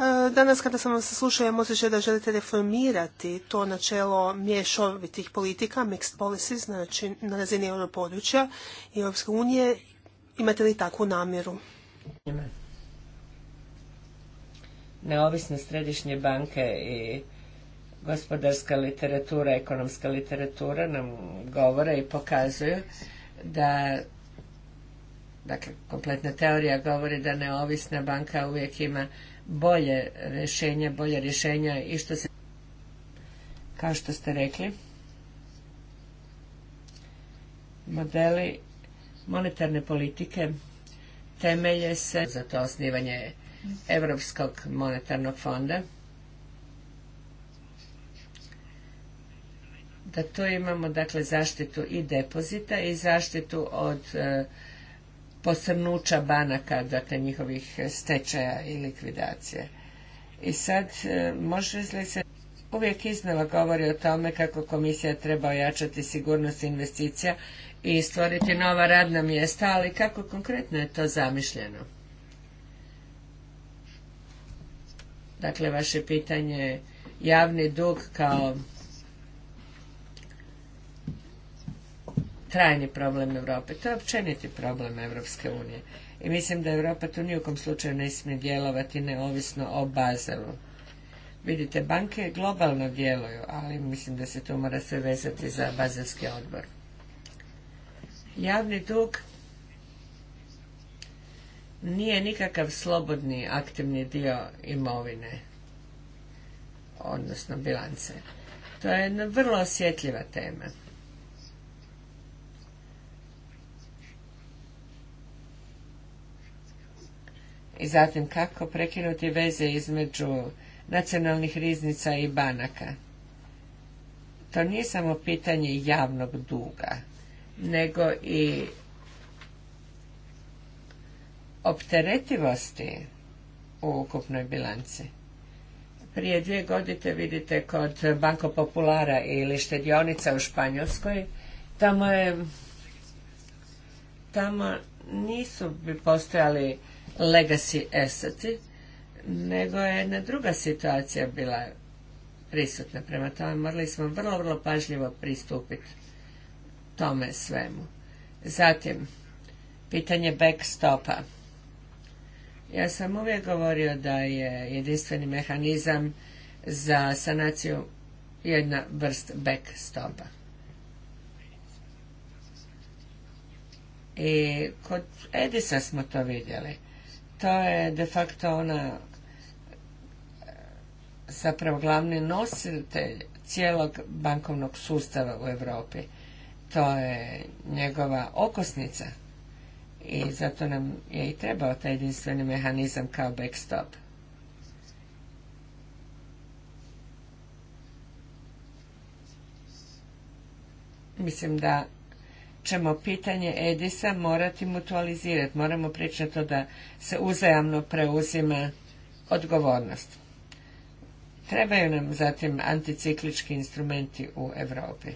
E, danas kada sam vas slušala imam osjećaj da želite reformirati to načelo mješovitih politika, mixed policies, znači na razini europodručja i Europske unije. Imate li takvu namjeru? Neovisnost središnje banke i gospodarska literatura, ekonomska literatura nam govore i pokazuju da dakle, kompletna teorija govori da neovisna banka uvijek ima bolje rješenja, bolje rješenja i što se kao što ste rekli modeli monetarne politike temelje se za to osnivanje Europskog monetarnog fonda da tu imamo dakle zaštitu i depozita i zaštitu od eh, posrnuća banaka, dakle njihovih stečaja i likvidacije. I sad, e, može li se uvijek iznova govori o tome kako komisija treba ojačati sigurnost investicija i stvoriti nova radna mjesta, ali kako konkretno je to zamišljeno? Dakle, vaše pitanje javni dug kao trajni problem Europe, to je općeniti problem Europske unije. I mislim da Europa tu nijukom slučaju ne smije djelovati neovisno o Bazelu. Vidite, banke globalno djeluju, ali mislim da se to mora sve vezati za bazelski odbor. Javni dug nije nikakav slobodni aktivni dio imovine, odnosno bilance. To je vrlo osjetljiva tema. I zatim kako prekinuti veze između nacionalnih riznica i banaka. To nije samo pitanje javnog duga, nego i opteretivosti u ukupnoj bilanci. Prije dvije godine vidite kod Banko Populara ili štedionica u Španjolskoj, tamo je tamo nisu postojali legacy asseti, nego je jedna druga situacija bila prisutna. Prema tome morali smo vrlo, vrlo pažljivo pristupiti tome svemu. Zatim, pitanje backstopa. Ja sam uvijek govorio da je jedinstveni mehanizam za sanaciju jedna vrst backstopa. I kod Edisa smo to vidjeli to je de facto ona e, zapravo glavni nositelj cijelog bankovnog sustava u Europi. To je njegova okosnica i zato nam je i trebao taj jedinstveni mehanizam kao backstop. Mislim da ćemo pitanje Edisa morati mutualizirati. Moramo pričati na to da se uzajamno preuzima odgovornost. Trebaju nam zatim anticiklički instrumenti u Europi.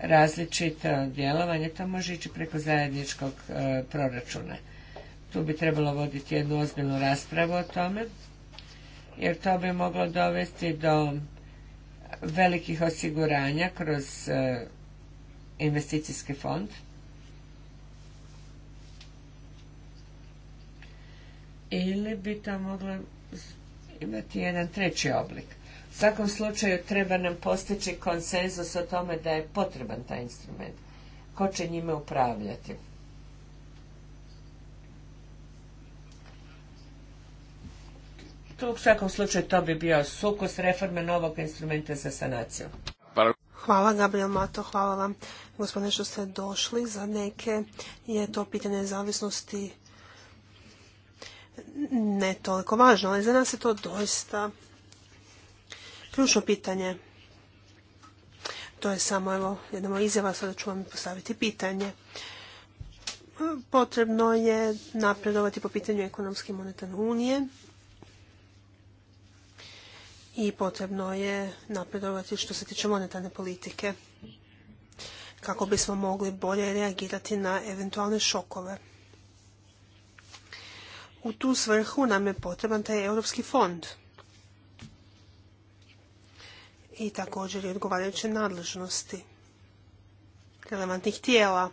Različito djelovanje, to može ići preko zajedničkog e, proračuna. Tu bi trebalo voditi jednu ozbiljnu raspravu o tome, jer to bi moglo dovesti do velikih osiguranja kroz e, investicijski fond ili bi to mogla imati jedan treći oblik. U svakom slučaju treba nam postići konsenzus o tome da je potreban taj instrument. Ko će njime upravljati? u svakom slučaju to bi bio sukus reforme novog instrumenta za sanaciju. Hvala Gabriel Mato, hvala vam gospodine što ste došli. Za neke je to pitanje zavisnosti ne toliko važno, ali za nas je to doista ključno pitanje. To je samo evo, jedna moja izjava, sada ću vam postaviti pitanje. Potrebno je napredovati po pitanju ekonomske monetarne unije i potrebno je napredovati što se tiče monetarne politike kako bismo mogli bolje reagirati na eventualne šokove u tu svrhu nam je potreban taj europski fond i također i odgovarajuće nadležnosti relevantnih tijela. E,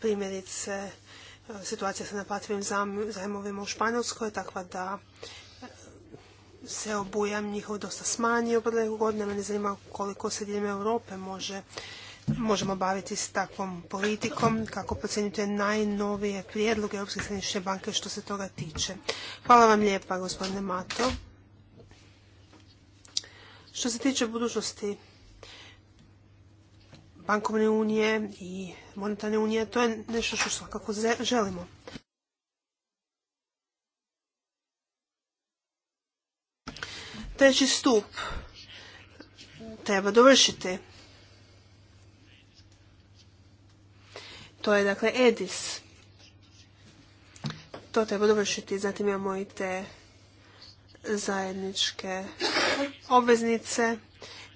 primjerice, situacija sa naplativim zajmovima u Španjolskoj je takva da e, se obujam njihov dosta smanjio u godine. Mene zanima koliko se diljem Europe može možemo baviti s takvom politikom, kako procjenjujete najnovije prijedloge Europske središnje banke što se toga tiče. Hvala vam lijepa, gospodine Mato. Što se tiče budućnosti bankovne unije i monetarne unije, to je nešto što svakako želimo. Treći stup treba dovršiti To je dakle EDIS. To treba dovršiti. Zatim imamo i te zajedničke obveznice.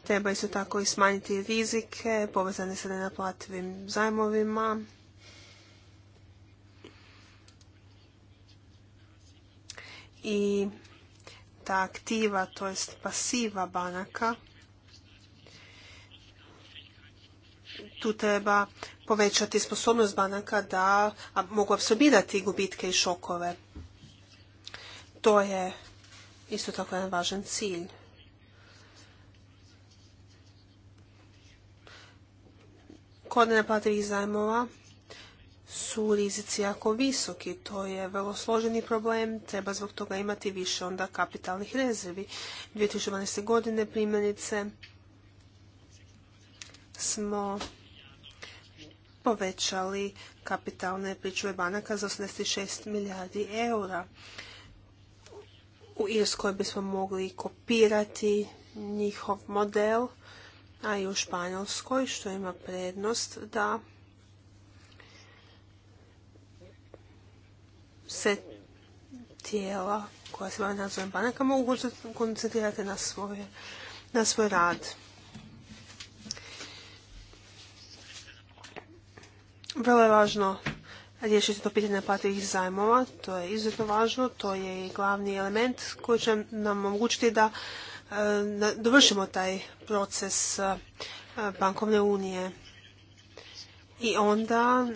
Treba isto tako i smanjiti rizike povezane sa nenaplativim zajmovima. I ta aktiva, to jest pasiva banaka, tu treba povećati sposobnost banaka da mogu apsorbirati gubitke i šokove. To je isto tako jedan važan cilj. Kod neplativih zajmova su rizici jako visoki. To je vrlo složeni problem, treba zbog toga imati više onda kapitalnih rezervi. 2012. godine primjerice smo povećali kapitalne pričuve banaka za 86 milijardi eura. U Irskoj bismo mogli kopirati njihov model, a i u Španjolskoj, što ima prednost da se tijela koja se bave nadzorom banaka mogu koncentrirati na svoj rad. Vrlo je važno riješiti to pitanje naplativih zajmova, to je izuzetno važno, to je i glavni element koji će nam omogućiti da e, dovršimo taj proces e, bankovne unije. I onda